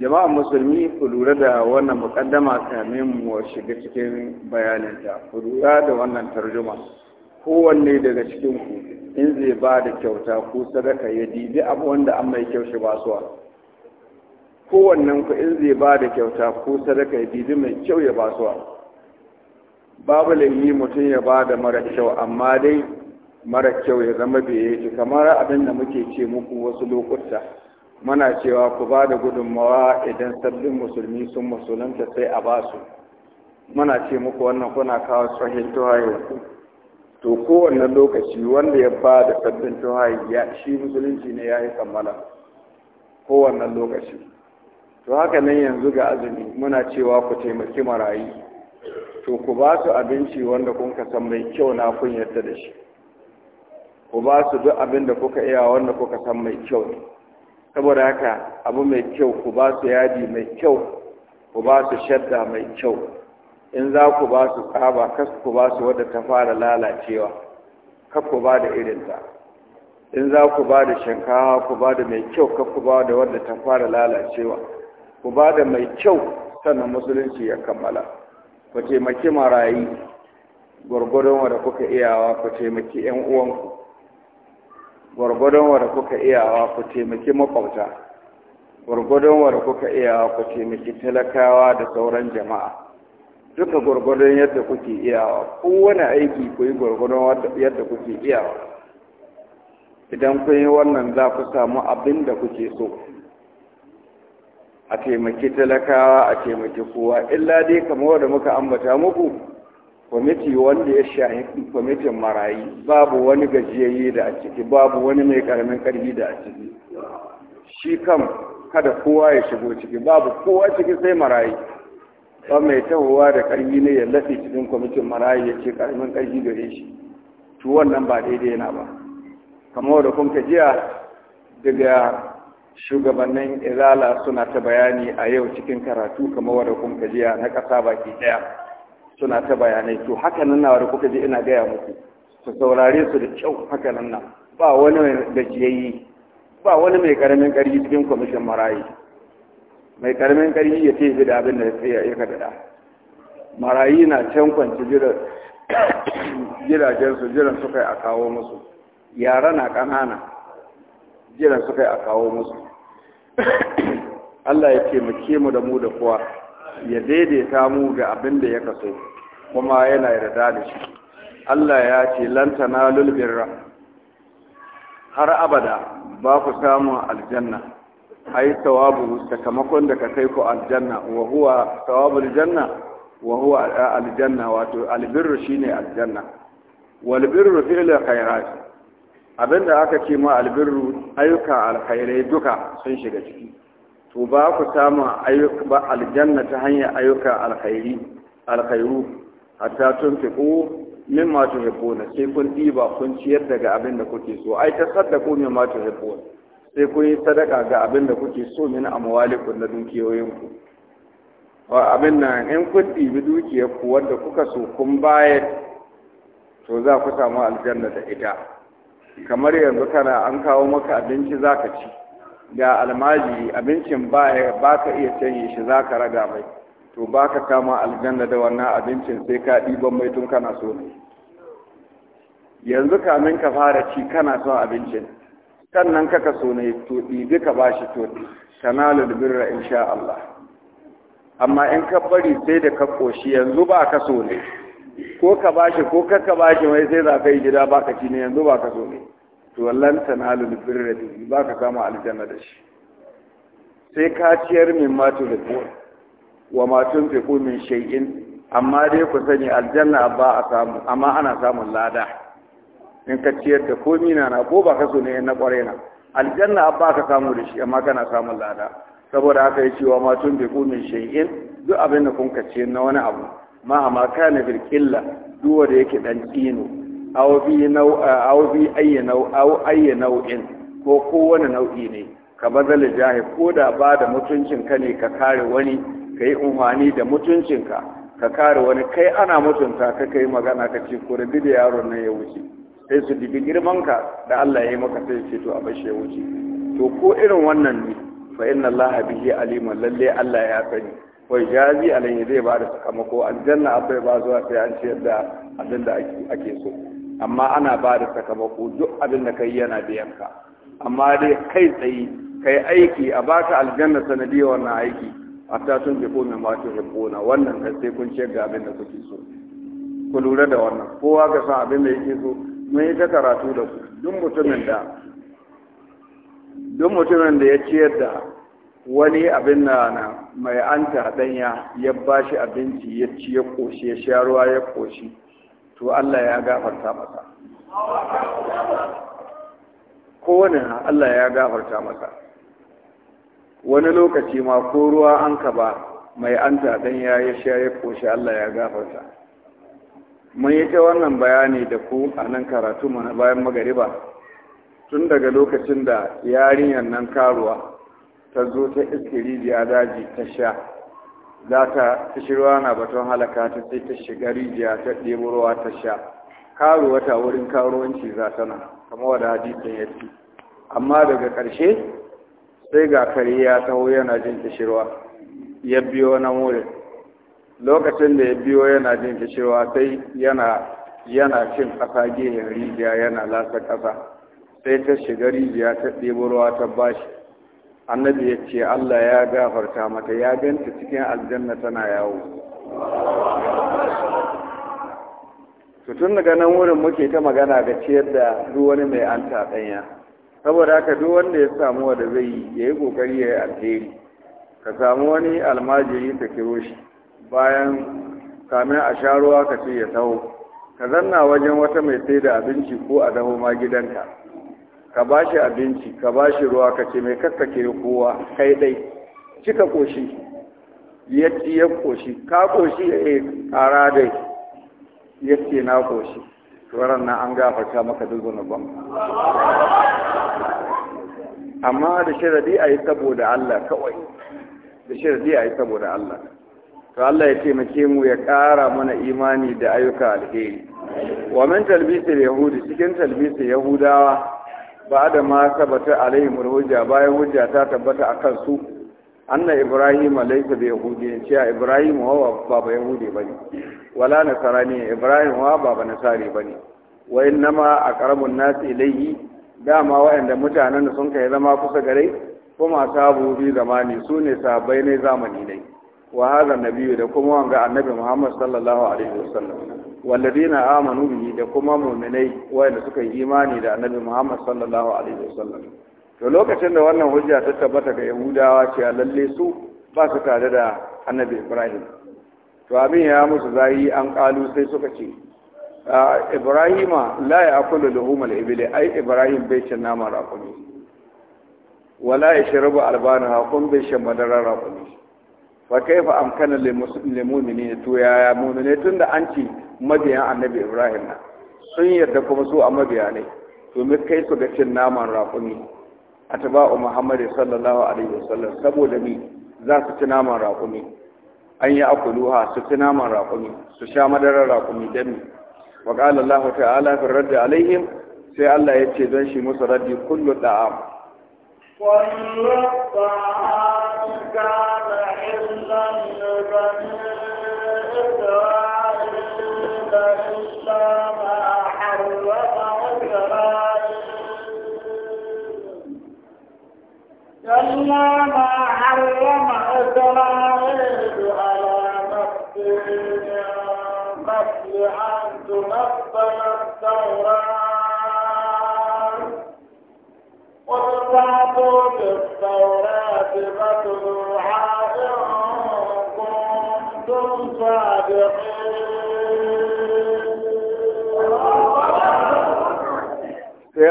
jama'an musulmi ku lura da wannan mukaddama kamin mu shiga cikin bayaninta ku lura da wannan tarjuma kowanne daga cikin ku in zai ba da kyauta ko sadaka ya dibi abu wanda an mai kyau shi basuwa kowannen ku in zai ba da kyauta ko sadaka ya dibi mai kyau ya basuwa babu laifi mutum ya ba da mara kyau amma dai mara kyau ya zama bai yi kamar abin da muke ce muku wasu lokuta muna cewa ku ba da gudunmawa idan sabbin musulmi sun musulunta sai a ba su muna ce muku wannan kuna kawo sahihin tuhayen to kowanne lokaci wanda ya ba da sabbin tuhayen ya shi musulunci ne ya yi kammala kowanne lokaci to haka nan yanzu ga azumi muna cewa ku taimaki marayu to ku ba su abinci wanda kun ka san mai kyau na kun yarda da shi ku ba su duk abin da kuka iya wanda kuka san mai kyau ne saboda haka abu mai kyau ku ba su yadi mai kyau ku ba su shadda mai kyau in za ku ba su tsaba kas ku ba su wadda ta fara lalacewa kar ku ba da irinta in za ku ba da shinkawa ku ba da mai kyau kar ku ba da wadda ta fara lalacewa ku ba da mai kyau sannan musulunci ya kammala ku taimaki marayi gwargwadon wadda kuka iyawa ku taimaki 'yan uwanku gwargwadon da kuka iyawa ku taimaki makwabta gwargwadon da kuka iyawa ku taimaki talakawa da sauran jama'a duka gwargwadon yadda kuke iyawa kowane aiki ku yi gwargwadon yadda kuke iyawa idan kun yi wannan za ku samu abin da kuke so a taimaki talakawa a taimaki kowa illa dai kamar da muka ambata muku kwamiti wanda ya shahi kwamitin marayi babu wani gajiyayye da a ciki babu wani mai karamin karfi da a ciki shi kam kada kowa ya shigo ciki babu kowa ciki sai marayi ba mai tahowa da karfi ne ya lafi cikin kwamitin marayi ya ce karamin karfi gare shi to wannan ba daidai yana ba kamar da kun jiya daga shugabannin izala suna ta bayani a yau cikin karatu kamar da kun jiya na kasa baki ɗaya suna ta bayanai to haka nan na wani kuka je ina gaya muku su saurare su da kyau haka nan na ba wani gajiyayi ba wani mai karamin ƙarfi cikin kwamishin marayi mai karamin ƙarfi ya ce da abin da ya kaɗaɗa marayi na can kwanci gidajensu jiran suka yi a kawo musu yara na ƙanana jiran suka yi a kawo musu Allah ya ce mu ke mu da mu da kowa ya daidaita mu ga abin da ya kaso kuma yana yarda da shi Allah ya ce lan tanalul birra har abada ba ku samu aljanna ai tawabu, sakamakon da ka kai ku aljanna wa huwa tawabu janna wa huwa aljanna wato albirru shine aljanna wal birru fi'l khairat abinda aka ce ma albirru ayyuka alkhairai duka sun shiga ciki to ba ku samu ayyuka ba aljanna ta hanyar ayyuka alkhairi alkhairu hatta tunfiqu mimma na sai kun diba kun ciyar daga abin da kuke so ai ta ma mimma tuhibbuna sai kun yi sadaka ga abin da kuke so min amwalikum na dukiyoyinku wa abin nan in kun ɗibi dukiyar ku wanda kuka so kun bayar to za ku samu aljanna da ita kamar yanzu kana an kawo maka abinci zaka ci Da almaji abincin ba ka iya canye shi za ka raga mai to ba ka kama aljanna da wannan abincin sai ka ɗiban mai tun kana so ne yanzu kamin ka fara ci kana son abincin sannan kaka so ne to ɗibi ka ba shi to kanalul birra insha Allah amma in ka bari sai da ka koshi yanzu ba ka so ne ko ka ba shi ko kaka ba shi mai sai za ka yi gida ba ka ci ne yanzu ba ka so ne to wallan tanhalul birra bi ba ka samu aljanna da shi sai ka ciyar min ma to da ko wa ma tunfiqu min shay'in amma dai ku sani aljanna ba a samu amma ana samun lada in ka ciyar da komi na na ko ba ka so ne na kware na aljanna ba ka samu da shi amma kana samun lada saboda haka ya cewa ma tun bi min shay'in duk abin da kun kace na wani abu ma amma kana bil qilla duk wanda yake dan tsino aw bi nau'a aw aw nau'in ko kowane nau'i ne ka bazal jahi ko da ba da mutuncin ka ne ka kare wani ka yi umfani da mutuncin ka ka kare wani kai ana mutunta ka kai magana ka ce ko rabi da yaron nan ya wuce sai su dibi girman ka da Allah ya yi maka sai ce to a shi ya wuce to ko irin wannan ne fa inna Allah bihi aliman lalle Allah ya sani wai jazi alayhi zai ba da sakamako aljanna abai ba zuwa sai an ciyar da abinda ake so amma ana ba da sakamako duk abin da kai yana biyan ka amma dai kai tsaye kai aiki a baka aljanna sanadiyar wannan aiki a ta sun fi komai ma ta hibbona wannan kai sai kun ce ga abin da kuke so ku lura da wannan kowa ga san abin da yake so mun yi ta karatu da ku duk mutumin da duk mutumin da ya ciyar da wani abin na mai anta danya ya bashi abinci ya ci ya koshi ya sha ruwa ya koshi to Allah ya gafarta masa kowane Allah ya gafarta masa wani lokaci ma ko ruwa an ka ba mai anta dan ya yi ya koshi Allah ya gafarta mun yi ta wannan bayani da ku a nan karatu mana bayan magariba tun daga lokacin da yarinyar nan karuwa ta zo ta iskiri da daji ta sha za ta kishirwa na baton halaka ta sai ta shiga rijiya ta ɗebo ruwa ta sha karo wata wurin karuwanci za ta na kamar wada hadisin ya ce amma daga ƙarshe sai ga kare ya taho yana jin kishirwa ya biyo na mure lokacin da ya biyo yana jin kishirwa sai yana yana cin ƙasa gehen rijiya yana lasa ƙasa sai ta shiga rijiya ta ɗebo ruwa ta bashi annabi ya ce Allah ya gafarta mata ya ganta cikin aljanna tana yawo tun daga nan wurin muke ta magana ga ciyar da duk wani mai an ɗanya saboda haka duk wanda ya samu wanda zai yi ya yi kokari ya yi alheri ka samu wani almajiri ka kiro shi bayan kamin a sha ruwa ka ce ya taho ka zanna wajen wata mai sai da abinci ko a daho ma gidanka ka ba shi abinci ka ba shi ruwa ka ce mai ke kowa kai dai cika koshi ya ci ya koshi ka koshi ya yi kara dai ya ce na koshi tsoron na an gafarta maka duk ban amma da sharadi a yi saboda Allah kawai da sharadi a yi saboda Allah to Allah ya taimake mu ya ƙara mana imani da ayyuka alheri wa min talbisul yahudi cikin talbisul yahudawa ba da ma sabata alaihim hujja bayan hujja ta tabbata akan su anna ibrahim laysa bi yahudi cewa ibrahim wa ba ba yahudi bane wala nasrani ibrahim wa ba ba nasari bane wa innama aqrabun nas ilayhi dama wa'anda mutanen sun kai zama kusa gare kuma sabu bi zamani sune sabai ne zamani ne wa hadha nabiyyu da kuma wanga annabi Muhammad sallallahu alaihi wasallam walladina amanu bihi da kuma mu'minai wanda suka yi imani da annabi Muhammad sallallahu alaihi wasallam to lokacin da wannan hujja ta tabbata ga Yahudawa a lalle su ba su tare da annabi Ibrahim to abin ya musu zai an kalu sai suka ce Ibrahima la ya'kulu luhumal ibli ai Ibrahim bai ci nama raƙumi wala yashrabu albanaha kun bai shan madarar raƙumi fa kaifa amkana lil mu'minin to ya mu'mine tunda an ci mabiyan annabi Ibrahim na sun yarda kuma su a mabiya ne to me kai su ga cin naman raƙumi atba'u Muhammad sallallahu alaihi wasallam saboda ni za su ci naman raƙumi an yi akuluha su ci naman raƙumi su sha madarar raƙumi dami wa qala Allah ta'ala fi radd alaihim sai Allah ya ce don shi musu raddi kullu da'am وإن الطعام كان حلا لبني إسرائيل إلا ما حرم إسرائيل إلا ما حرم إسرائيل على نفسه من قبل sai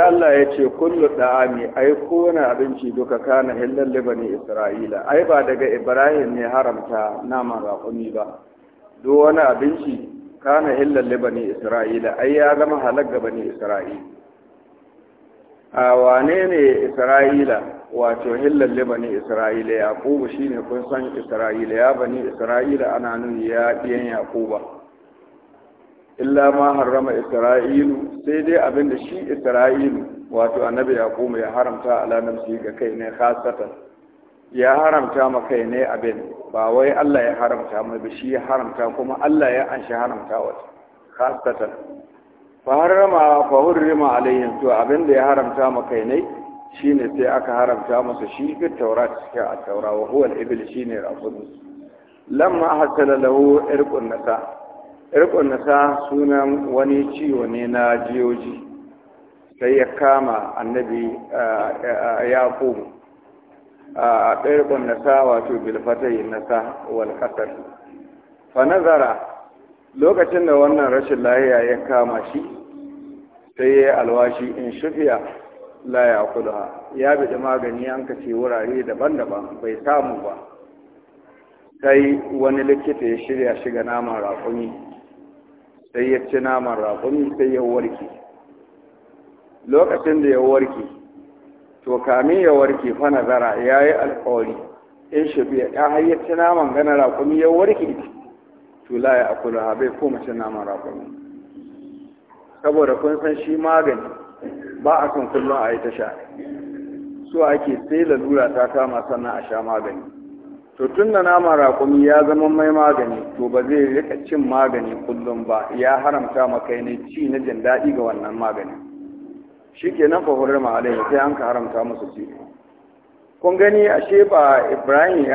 Allah ya ce kullu da'ami ai kowane abinci duka kana hillal libani isra'ila ai ba daga ibrahim ne haramta naman raƙumi ba duk wani abinci kana hillal libani isra'ila ai ya zama halak gabani bani isra'ila a wane ne isra'ila wato hillalle bani isra'ila yakubu shine kun san isra'ila ya bani isra'ila ana nuni ya ɗiyan yaquba illa ma harrama isra'ilu sai dai abin da shi isra'ilu wato annabi yakubu ya haramta ala nafsi ga kai ne khasatan ya haramta ma kai ne abin ba wai Allah ya haramta mai ba shi ya haramta kuma Allah ya anshi haramta wata khasatan fa fa hurrima alaihim to abin da ya haramta kai ne shine sai aka haramta masa shi fi taurat cikin a taura wa huwa al ibl shine rafud lamma hasala lahu irqun nasa irqun nasa sunan wani ciwo ne na jiyoji sai ya kama annabi eh, yaqub a irqun nasa wato bil fatayi nasa wal qasr fa nazara lokacin da wannan rashin lahiya ya kama shi sai ya yi alwashi in shufiya laya ya kula ya bidi magani an kace wurare daban-daban bai samu ba sai wani likita ya shirya shiga naman raƙumi sai ya ci naman raƙumi sai ya warke lokacin da ya warke to kamin ya warke fa nazara ya yi alƙawari in shufiya ya ci naman gana raƙumi ya warke to la ya akula bai ko mace naman raƙumi saboda kun san shi magani ba a son kullum a yi ta sha so ake sai lalura ta kama sannan a sha magani to tun da naman raƙumi ya zama mai magani to ba zai rika cin magani kullum ba ya haramta maka ne ci na jin daɗi ga wannan magani shi ke nan fahurar ma'alai sai an ka haramta musu ci kun gani ashe ba ibrahim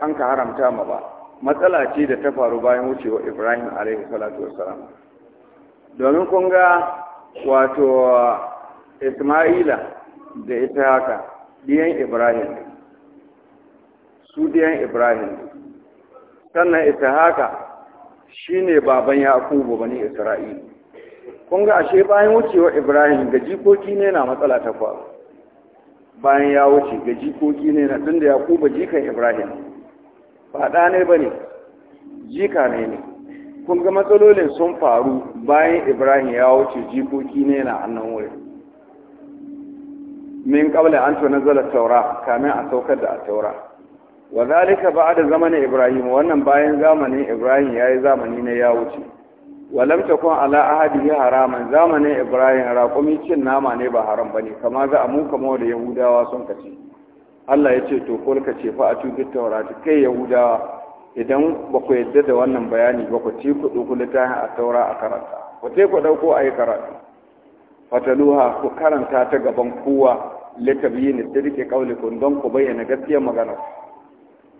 an ka haramta ma ba matsala ce da ta faru bayan wucewa ibrahim alaihi salatu wassalam domin kun ga wato isma'ila da ita haka diyan ibrahim su diyan ibrahim sannan ita haka shine baban yakubu bani isra'ila kun ga ashe bayan wucewa ibrahim ga jikoki ne na matsala ta faru bayan ya wuce ga jikoki ne na tunda yakubu jikan ibrahim ba ɗa ne ba ne jika ne ne kun ga matsalolin sun faru bayan ibrahim ya wuce jikoki ne na annan wuri. min kabla an to nazala taura kamin a saukar da taura wa zalika ba'da zamanin ibrahim wannan bayan zamanin ibrahim yayi zamani na ya wuce wa lam takun ala ya haraman zamanin ibrahim raƙumi cin nama ne ba haram bane kama za a mu da yahudawa sun kace Allah ya ce to kul ka ce fa a tukin taurati kai yahudawa idan ba ku yadda da wannan bayani ba ku ci ku dauko littafin a taura a karanta ku ce ku ɗauko a yi karatu fataluha ku karanta ta gaban kowa litabiyin rike kaulikun don ku bayyana gaskiyar magana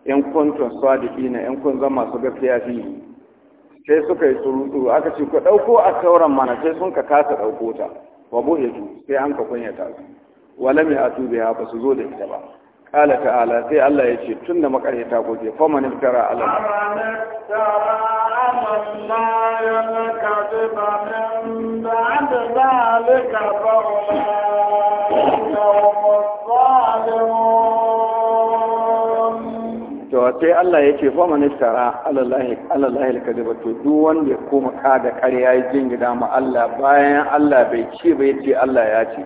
in kuntun sadiqina yan kun zama su gaskiya fi sai suka yi surutu aka ce ku ɗauko a tauran mana sai sun ka kasa ɗauko ta wa buhe sai an ka kunyata su wala mai atubiya ba su zo da ita ba ƙala ta'ala sai Allah ya ce tun da makarhe ta goge da iftara ala to sai Allah ya ce fama iftara ala Allah kadiba to duk wanda ya koma ka da ƙarya ya jin gida ma Allah bayan Allah bai ce bai ce Allah ya ce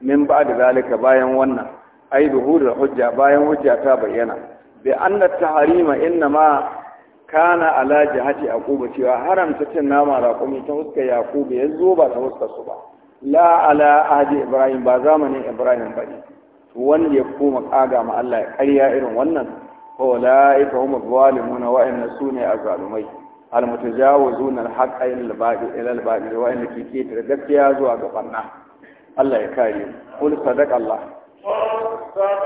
min ba da zalika bayan wannan ai zuhurul hujja bayan hujja ta bayyana bi Harima taharima innama kana ala jihati aquba cewa haramta cin nama raƙumi ta huska yaquba zo ba da huska su ba la ala ahdi ibrahim ba zamanin ibrahim ba ne wanda ya koma kaga ma Allah ya karya irin wannan ko la ika hum zalimun wa inna sunni azalumai al mutajawizuna al haqqa ila al baqi ila al baqi da gaskiya zuwa ga barna Allah ya kare mu qul Allah صدق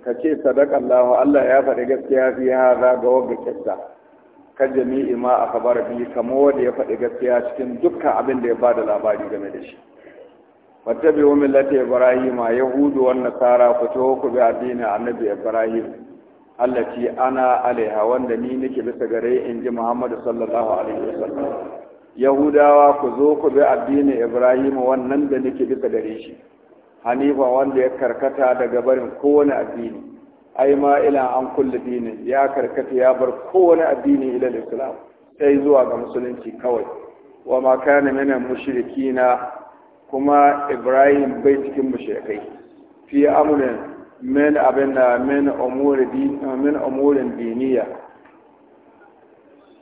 kace sadaka Allah Allah ya faɗi gaskiya fi hada ga wagga kissa ka jami'i ma a kabar bi kamar wanda ya faɗi gaskiya cikin dukkan abin da ya bada labari game da shi fattabi wa millati ibrahim yahudu wan nasara ku ku bi addinin annabi ibrahim allati ana alaiha wanda ni nake bisa gare in ji muhammadu sallallahu alaihi wasallam yahudawa ku zo ku bi addinin ibrahim wannan da nake bisa gare shi hanifa wanda ya karkata daga barin kowane addini ai ma ila an kulli dinin ya karkata ya bar kowane addini ila islam sai zuwa ga musulunci kawai wa ma kana minal mushrikina kuma ibrahim bai cikin mashirkai fi amurin, min abin da min amurin diniya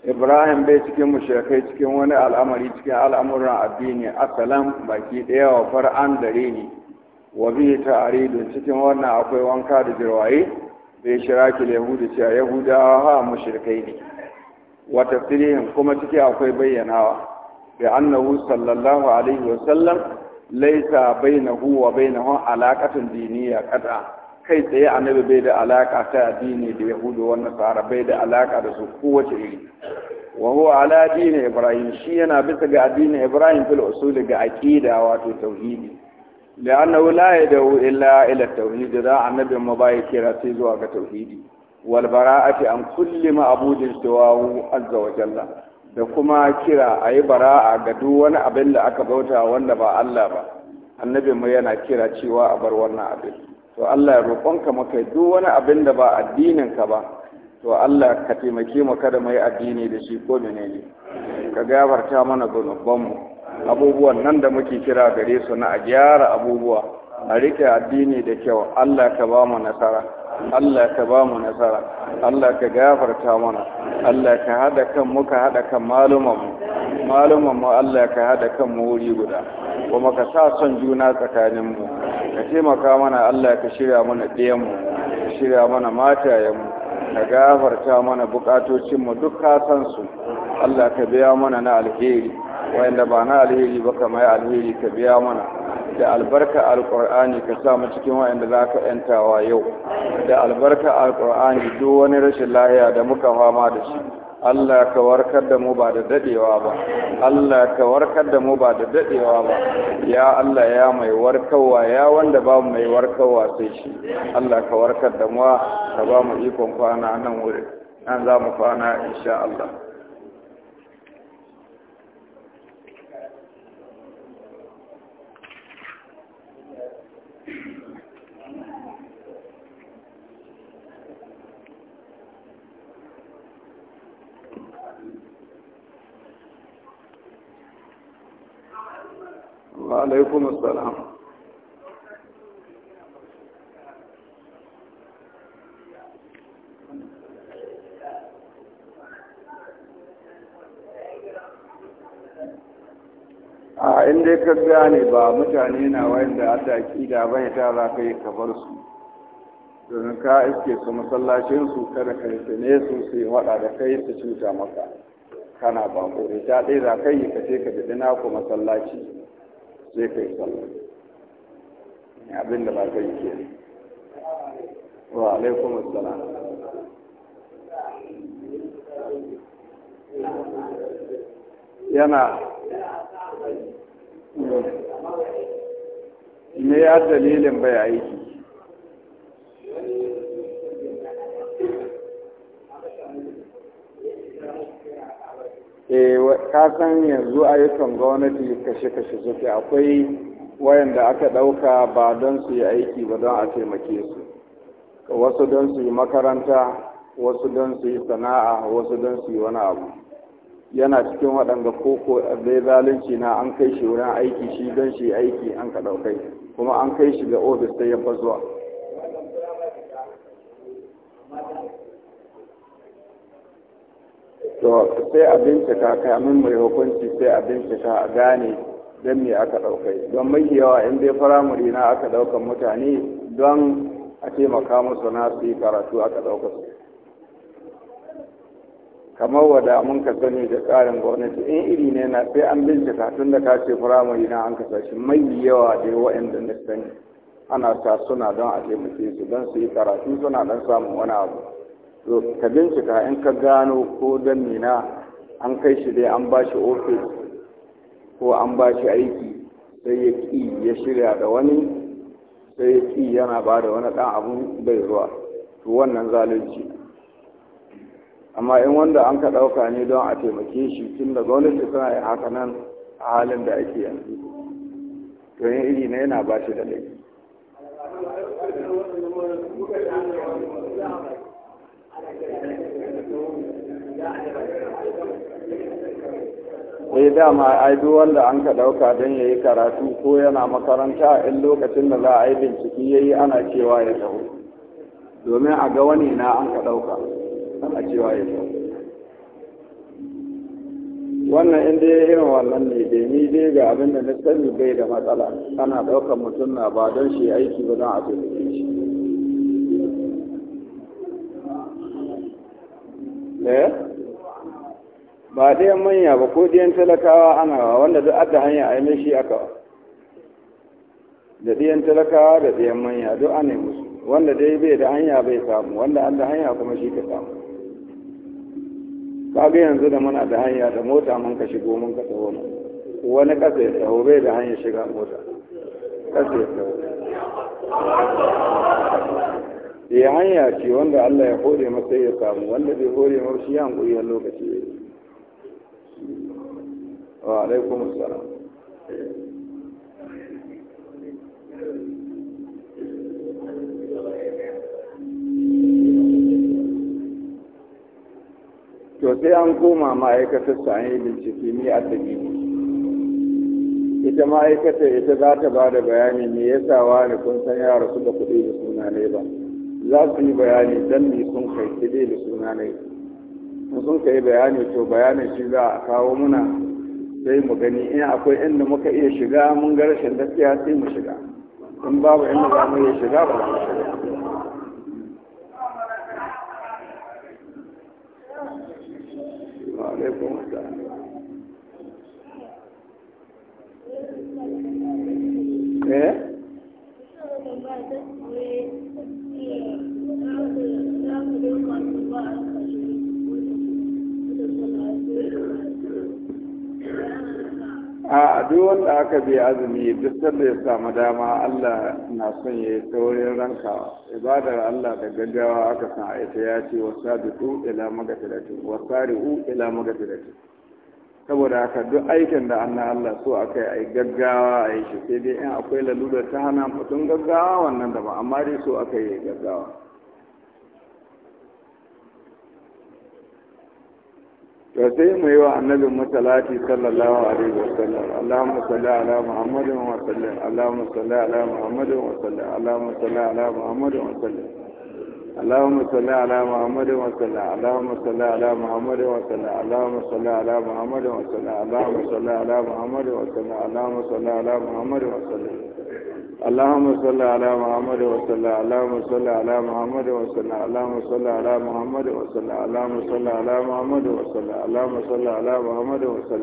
ibrahim bai cikin mashirkai cikin wani al'amari cikin al'amuran addini asalan baki ɗaya wa far'an dare ne wa ta aridun cikin wannan akwai wanka da jirwaye bai shiraki da yahudu cewa yahudawa ha mashirkai ne Wata tsirin kuma ciki akwai bayyanawa bi annahu sallallahu alaihi wa sallam laisa bainahu wa bainahum alaqatun diniya kada kai tsaye annabi bai da alaka ta addini da yahudu wa nasara bai da alaka da su kowace iri wa huwa ala dini ibrahim shi yana bisa ga addinin ibrahim fil usul ga aqida wato tauhidi لأنه mu يدعو إلا sai zuwa ga Tauhidi. مبايك رسيز وكتوحيدي والبراءة عن كل معبود سواه عز Jalla. da kuma kira a yi bara'a ga duk wani abin da aka bauta wanda ba Allah ba annabi mu yana kira cewa a bar wannan abin to Allah ya roƙonka mu kai duk wani abin da ba addinin ka ba to Allah ka taimake mu kada mu yi addini da shi ko menene ka gafarta mana gunubban mu abubuwan nan da muke kira gare su na a gyara abubuwa a rike addini da kyau Allah ka ba mu nasara Allah ka ba mu nasara Allah ka gafarta mana Allah ka hada kan muka hada kan malumanmu malumanmu Allah ka hada kan mu wuri guda kuma ka sa son juna tsakaninmu ka taimaka mana Allah ka shirya mana ɗiyanmu ka shirya mana matayenmu ka gafarta mana bukatocinmu duk ka san su Allah ka biya mana na alheri wayanda ba na alheri ba kamar alheri ka biya mana da albarka alkur'ani ka sa mu cikin wa'anda za ka ‘yantawa yau da albarka alkur'ani duk wani rashin lahiya da muka fama da shi Allah ka warkar da mu ba da dadewa ba Allah ka warkar da mu ba da dadewa ba ya Allah ya mai warkarwa ya wanda ba mai warkarwa sai shi Allah ka warkar da mu ka ba mu ikon kwana nan wurin nan za mu kwana insha Allah وعليكم السلام a inda ka gane ba mutane na wanda a da ba ya tara ka yi kafar su domin ka iske su masallacin su kada ka yi ne su sai wada da kai su cuta maka kana ko ita ɗaya za ka yi ka ce ka na ku masallaci sai sallah abin da ba ke wa alaikum assalam yana me ya dalilin bai aiki Eh, ka san yanzu ayyukan gwamnati kashe-kashe suke akwai wayanda aka ɗauka ba don su yi aiki ba don a taimake su wasu don su yi makaranta wasu don su yi sana'a wasu don su yi wani abu yana cikin waɗanda koko zai zalunci na an kai shi wurin aiki shi don shi aiki an ka ɗaukai kuma an kai shi ga ofis sai ya zuwa to sai a bincika kamin mai hukunci sai a bincika a gane don me aka ɗauka don mai yawa in dai firamare na aka ɗaukan mutane don a taimaka musu na su yi karatu aka ɗauka su kamar wada mun ka sani da tsarin gwamnati in iri ne na sai an bincika tun da ka ce firamare na an kasa shi mai yawa da waɗanda na sani ana sa suna don a taimake su don su yi karatu suna don samun wani abu to ka bincika in ka gano ko don nina an kai shi dai an ba shi ofis ko an ba shi aiki sai ya ki ya shirya da wani sai ya ki yana ba da wani ɗan abu bai zuwa to wannan zalunci amma in wanda an ka ɗauka ne don a taimake shi tun da gwamnati suna yin haka nan a halin da ake yanzu to yin iri na yana ba shi da laifi sai eh, dama ai duk wanda an ka ɗauka don ya yi karatu ko yana makaranta in lokacin da za a yi binciki ya yi ana cewa ya taho domin a ga wani na an ka ɗauka ana cewa ya taho wannan in dai irin wannan ne da ni dai ga abin da na sani bai da matsala ana ɗaukar mutum na ba don shi aiki ba don a taimake shi eh ba ɗayan manya ba ko ɗayan talakawa ana wa, wanda duk adda hanya a yi mai shi aka da ɗayan talakawa da ɗayan manya duk ana yi musu wanda dai bai da hanya bai samu wanda adda hanya kuma shi ka samu kaga yanzu da muna da hanya da mota mun ka shigo mun ka taho mu wani ƙasa ya taho bai da hanya shiga mota ƙasa ya taho ya eh, hanya ce wanda Allah ya hore masa ya samu wanda bai hore masa shi hankuri a lokaci ya yi wa alaikum assalam to sai an koma ma'aikatar su an yi bincike ni a tabibi ita ma'aikatar ita za ta ba da bayani me yasa wani kun san yara su da kuɗi da suna ne ba za su yi bayani dan ne sun kai kide da suna ne in sun kai bayani to bayanin shi za a kawo muna sai mu gani in akwai inda muka iya shiga mun ga rashin gaskiya sai mu shiga in babu inda za mu iya shiga ba za mu shiga Yeah. a duk wanda aka bi azumi duk sanda ya samu dama Allah na son ya yi saurin ranka ibadar Allah da gaggawa aka san ita ya ce wasabiqu ila magfirati wasari'u ila magfirati saboda haka duk aikin da annan Allah so akai ai gaggawa a yi shi sai dai in akwai lalura ta hana mutum gaggawa wannan da ba amma dai so yi gaggawa to sai mu yi wa annabin masalati sallallahu alaihi wa sallam allahumma salli ala muhammadin wa sallim allahumma salli ala muhammadin wa sallim allahumma salli ala muhammadin wa sallim اللهم صل على محمد وسلم اللهم صل على محمد ala اللهم صل على محمد وسلم اللهم صل على محمد وسلم اللهم ala على محمد اللهم صل على محمد وصل اللهم صل على محمد وصل اللهم صل على محمد وصل اللهم صل على محمد وصل اللهم صل على محمد وصل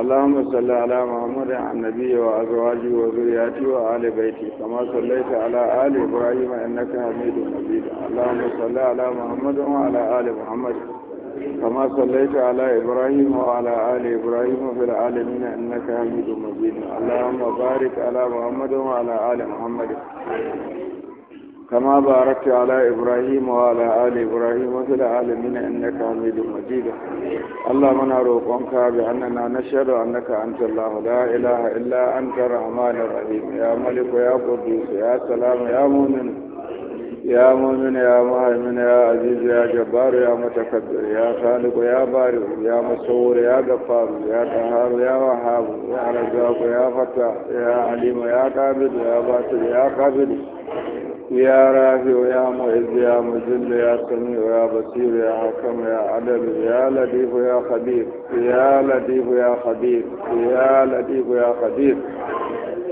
اللهم صل على محمد النبي وأزواجه وذرياته وآل بيته كما صليت على آل إبراهيم إنك حميد مجيد اللهم صل على محمد وعلى آل محمد كما صليت على إبراهيم وعلى آل إبراهيم في العالمين إنك حميد مجيد اللهم بارك على محمد وعلى آل محمد كما باركت على إبراهيم وعلى آل إبراهيم في العالمين إنك حميد مجيد اللهم نروقك بأننا نشهد أنك أنت الله لا إله إلا أنت الرحمن الرحيم يا ملك يا قدوس يا سلام يا مؤمن يا مؤمن يا مهيمن يا عزيز يا جبار يا متكبر يا خالق يا بارئ يا مصور يا غفار يا قهار يا وهاب يا رزاق يا فتاح يا عليم يا قابض يا باسل يا قابض يا رافع يا معز يا مذل يا سميع يا بصير يا حكم يا عدل يا لطيف يا خبير يا لطيف يا خبير يا لطيف يا خبير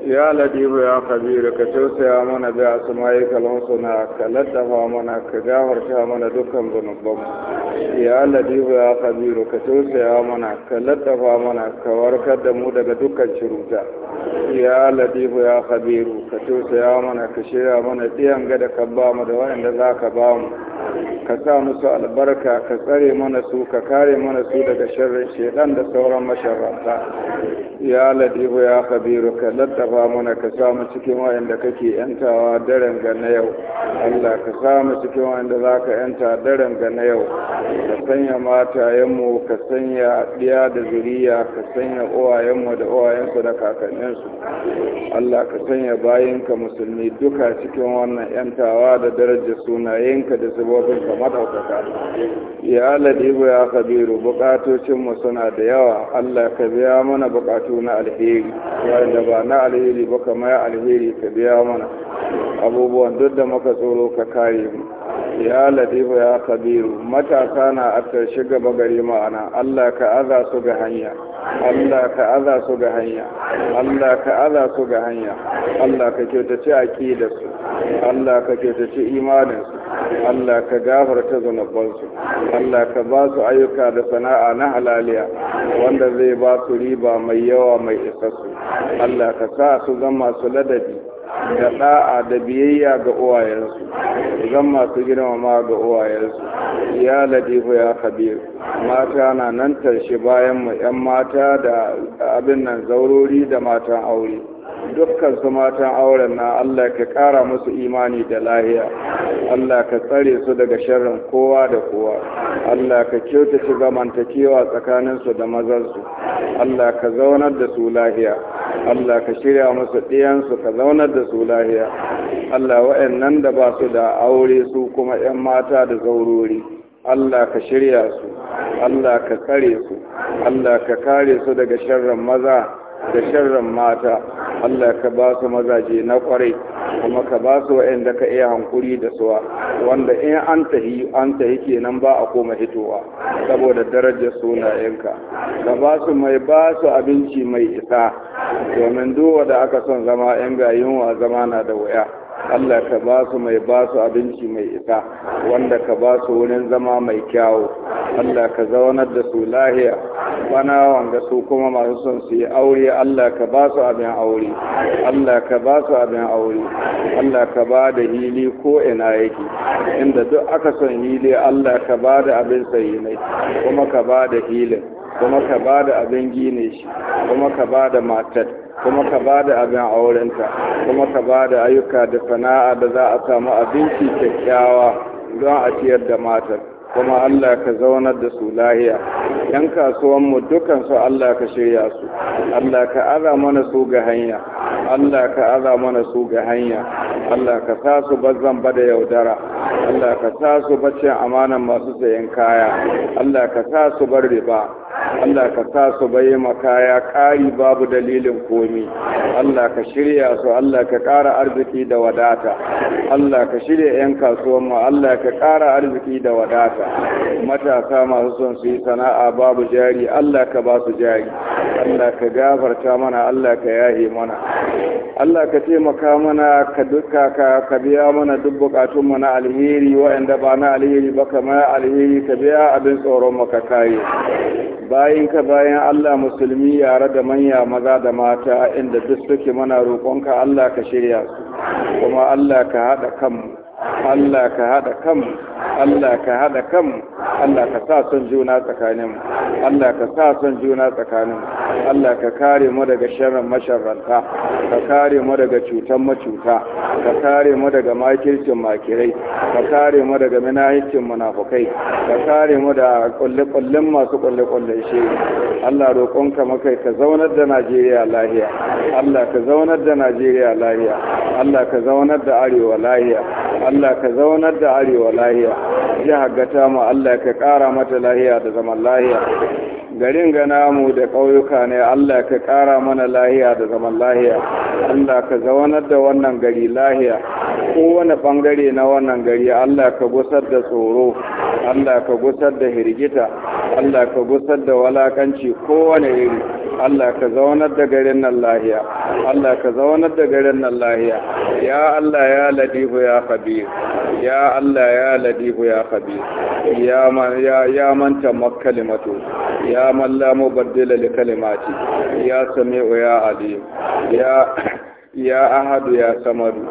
ya ladifu ya kabiru ka tausaya mana da asma'i kalhusuna ka laddafa mana ka gafarta mana dukkan zunubanmu ya ladifu ya kabiru ka tausaya mana ka laddafa mana ka warkar da mu daga dukkan ciruta ya ladifu ya kabiru ka tausaya mana ka shirya mana ɗiyan gada ka ba da waɗanda za ka bamu. ka sa musu albarka ka tsare mana su ka kare mana su daga sharrin shedan da sauran masharanta ya ladibu ya kabiru ka lattafa mana ka sa mu cikin wayanda kake yantawa daren ga na yau Allah ka sa mu cikin wayanda zaka yanta daren ga na yau ka sanya matayenmu ka sanya diya da zuriya ka sanya uwayenmu da uwayensu da kakanninsu Allah ka sanya bayinka musulmi duka cikin wannan yantawa da darajar sunayenka da zuba siffofin ka madaukaka ya ladibu ya kabiru bukatocinmu suna da yawa Allah ka biya mana bukatu na alheri wanda ba na alheri ba kama ya alheri ka biya mana abubuwan duk da muka tsoro ka kare mu ya ladifu ya kabiru matasa na a shiga gaba gari ma'ana Allah ka aza su ga hanya Allah ka aza su ga hanya Allah ka aza su ga hanya Allah ka kyautace aqidar su Allah ka kyautace imanin su Allah ka gafarta zunubansu Allah ka ba su ayyuka da sana'a na halaliya wanda zai ba su riba mai yawa mai isassu Allah ka sa su zama su ladabi da da'a da biyayya ga uwayensu zan masu girmama ga uwayensu ya ladifu ya habir mata na nan tarshe bayan mu yan mata da abin nan zaurori da matan aure dukkan su matan auren na Allah ka ƙara musu imani da lahiya Allah ka tsare su daga sharrin kowa da kowa Allah ka kyauta kyautace zamantakewa tsakaninsu da mazansu Allah ka zaunar da su lahiya Allah ka shirya musu ɗiyansu ka zaunar da su lahiya Allah wa'annan da ba su da aure su kuma 'yan mata da zaurori Allah ka shirya su, Allah ka tsare su, Allah ka kare su daga sharrin maza da sharrin mata Allah ka ba su mazaje na kwarai kuma ka ba su waɗanda ka iya hankuri da suwa wanda in an tahi an tahi kenan ba a koma hitowa saboda darajar sunayenka ka ba su mai ba su abinci mai isa domin duk da aka son zama yan gayunwa zama na da wuya Allah ka ba su mai ba su abinci mai isa wanda ka ba su wurin zama mai kyawu Allah ka zaunar da su lahiya bana wanga su kuma masu son su yi aure Allah ka ba su abin aure Allah ka ba su abin aure Allah ka ba da hili ko ina yake inda duk aka son hili Allah ka ba da abin sayi ne kuma ka ba da hilin kuma ka ba da abin gine shi kuma ka ba da matar kuma ka ba da abin aurenta kuma ka ba da ayyuka da sana'a da za a samu abinci kyakkyawa don a ciyar da matar kuma Allah ka zaunar da su lahiya yan kasuwanmu dukansu Allah ka shirya su Allah ka aza mana su ga hanya Allah ka aza mana su ga hanya Allah ka sa su bazan ba da yaudara Allah ka sa su baccin amanan masu sayan kaya Allah ka sa su bar riba Allah ka sa su baye makaya ƙari babu dalilin komi Allah ka shirya su Allah ka ƙara arziki da wadata Allah ka shirya 'yan kasuwan mu Allah ka ƙara arziki da wadata matasa masu son su yi sana'a babu jari Allah ka ba su jari Allah ka gafarta mana Allah ka yahe mana Allah ka taimaka mana ka duka ka ka biya mana duk bukatun mu na alheri wa'anda ba na alheri ba kamar alheri ka biya abin tsoron mu ka kare ka bayan Allah musulmi yare da manya maza da mata inda duk suke mana roƙonka Allah ka shirya su kuma Allah ka haɗa kanmu Allah ka haɗa kanmu Allah ka haɗa kanmu Allah ka sa son juna tsakaninmu Allah ka sa son juna tsakaninmu Allah ka kare mu daga sharrin masharranta ka kare mu daga cutan macuta ka kare mu daga makircin makirai ka kare mu daga minahicin munafukai ka kare mu da kulle-kullen masu kulle-kullen shi Allah roƙonka makai ka zaunar da Najeriya lahiya Allah ka zaunar da Najeriya lahiya Allah ka zaunar da Arewa lahiya Allah ka zaunar da arewa lahiya jihar gata mu Allah ka ƙara mata lahiya da zaman lahiya garin ga namu da ƙauyuka ne Allah ka ƙara mana lahiya da zaman lahiya Allah ka zaunar da wannan gari lahiya kowane ɓangare na wannan gari Allah ka gusar da tsoro Allah ka gusar da hirgita Allah ka gusar da walakanci kowane iri Allah ka zaunar da garin nan lahiya Allah ka zaunar da garin nan lahiya ya Allah ya ladifu ya khabir ya Allah ya ladifu ya khabir ya man ya ya man tamak kalimatu ya man la mubaddila li kalimati ya sami'u ya alim ya ya ahadu ya samaru,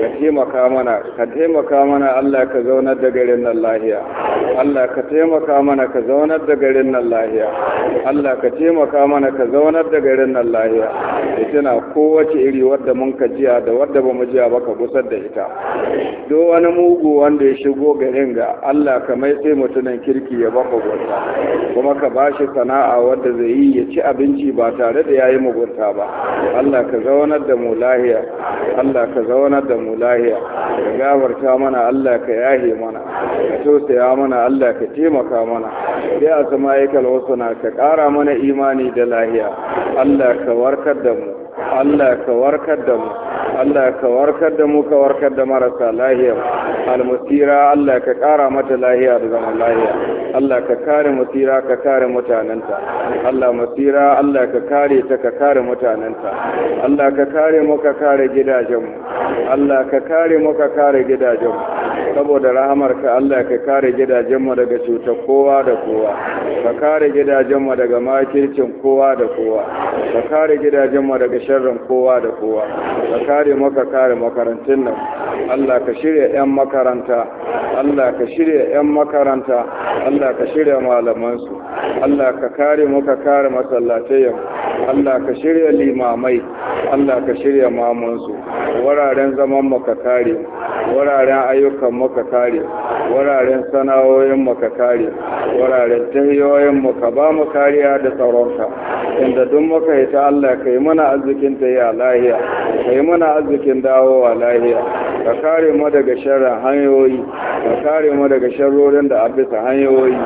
ka taimaka mana ka taimaka mana Allah ka zaunar da garin nan lahiya Allah ka taimaka mana ka zaunar da garin nan lahiya Allah ka taimaka mana ka zaunar da garin nan lahiya tana kowace iri wadda mun ka jiya da wadda ba mu jiya ba ka gusar da ita do wani mugu wanda ya shigo garin ga Allah ka mai sai mutunan kirki ya baka gusa kuma ka bashi sana'a wadda zai yi ya ci abinci ba tare da yayi mugunta ba Allah ka zaunar da mu lahiya Allah ka zauna da mu lahiya ka gafarta mana Allah ka yahe mana ka tausaya mana Allah ka taimaka mana bi asma'ikal na ka ƙara mana imani da lahiya Allah ka warkar da mu Allah ka warkar da mu Allah ka warkar da mu ka warkar da marasa lahiya almusira Allah ka kara mata lahiya da zaman lahiya Allah ka kare musira ka kare mutananta Allah musira Allah ka kare ta ka kare mutananta Allah ka kare mu ka kare gidajenmu Allah ka kare mu ka kare mu saboda rahamarka Allah ka kare gidajenmu daga cuta kowa da kowa ka kare gidajenmu daga makircin kowa da kowa ka kare gidajenmu daga sharrin kowa da kowa ka kare maka kare makarantun nan Allah ka shirya 'yan makaranta Allah ka shirya 'yan makaranta Allah ka shirya malamansu Allah ka kare maka kare masallatai Allah ka shirya limamai Allah ka shirya mamansu wuraren zaman maka kare wuraren ayyukan maka kare wuraren sana'o'in maka kare wuraren tahiyoyin maka ba mu kariya da tsaronka inda duk muka yi ta Allah ka yi mana arzikin ta yi a lahiya ka yi mana arzikin dawowa lahiya ka kare mu daga sharrin hanyoyi ka kare mu daga shirorin da a hanyoyi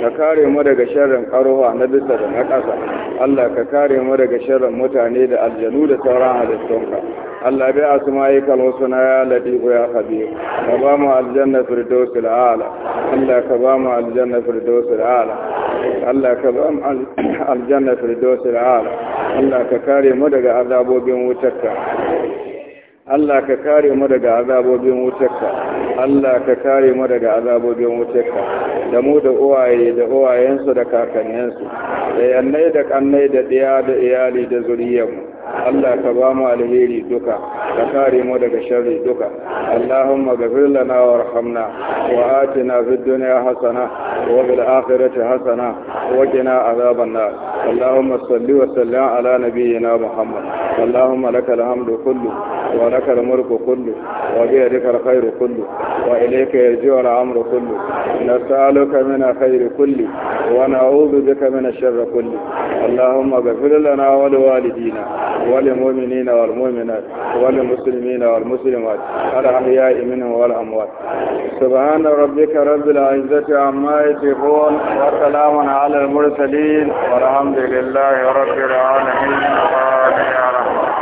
ka kare mu daga sharrin karuwa na bisa da na ƙasa Allah ka kare mu daga sharrin mutane da aljanu da sauran halittunka Allah bai asma'ika al-husna ya ladi ya khabir ka ba mu aljanna firdaus al-ala Allah ka ba mu aljanna firdaus al-ala Allah ka ba mu aljanna firdaus al-ala Allah ka kare mu daga azabobin wutarka Allah ka kare mu daga azabobin wutarka Allah ka kare mu daga azabobin wutarka da mu da uwaye da uwayensu da kakanninsu da yannai da kannai da ɗiya da iyali da zuriyarmu Allah ka ba mu alheri duka ka kare mu daga sharri duka Allahumma ghafir lana warhamna wa atina fid dunya hasana wa fil akhirati hasana wa qina azaban nar Allahumma salli wa sallim ala nabiyyina Muhammad Allahumma lakal hamdu kullu wa lakal mulku kullu wa bi yadika alkhairu kullu wa ilayka yarji'u al-amru kullu nas'aluka الشر كله اللهم اغفر لنا ولوالدينا وللمؤمنين والمؤمنات وللمسلمين والمسلمات الأحياء منهم والأموات سبحان ربك رب العزة عما يصفون وسلام على المرسلين والحمد لله رب العالمين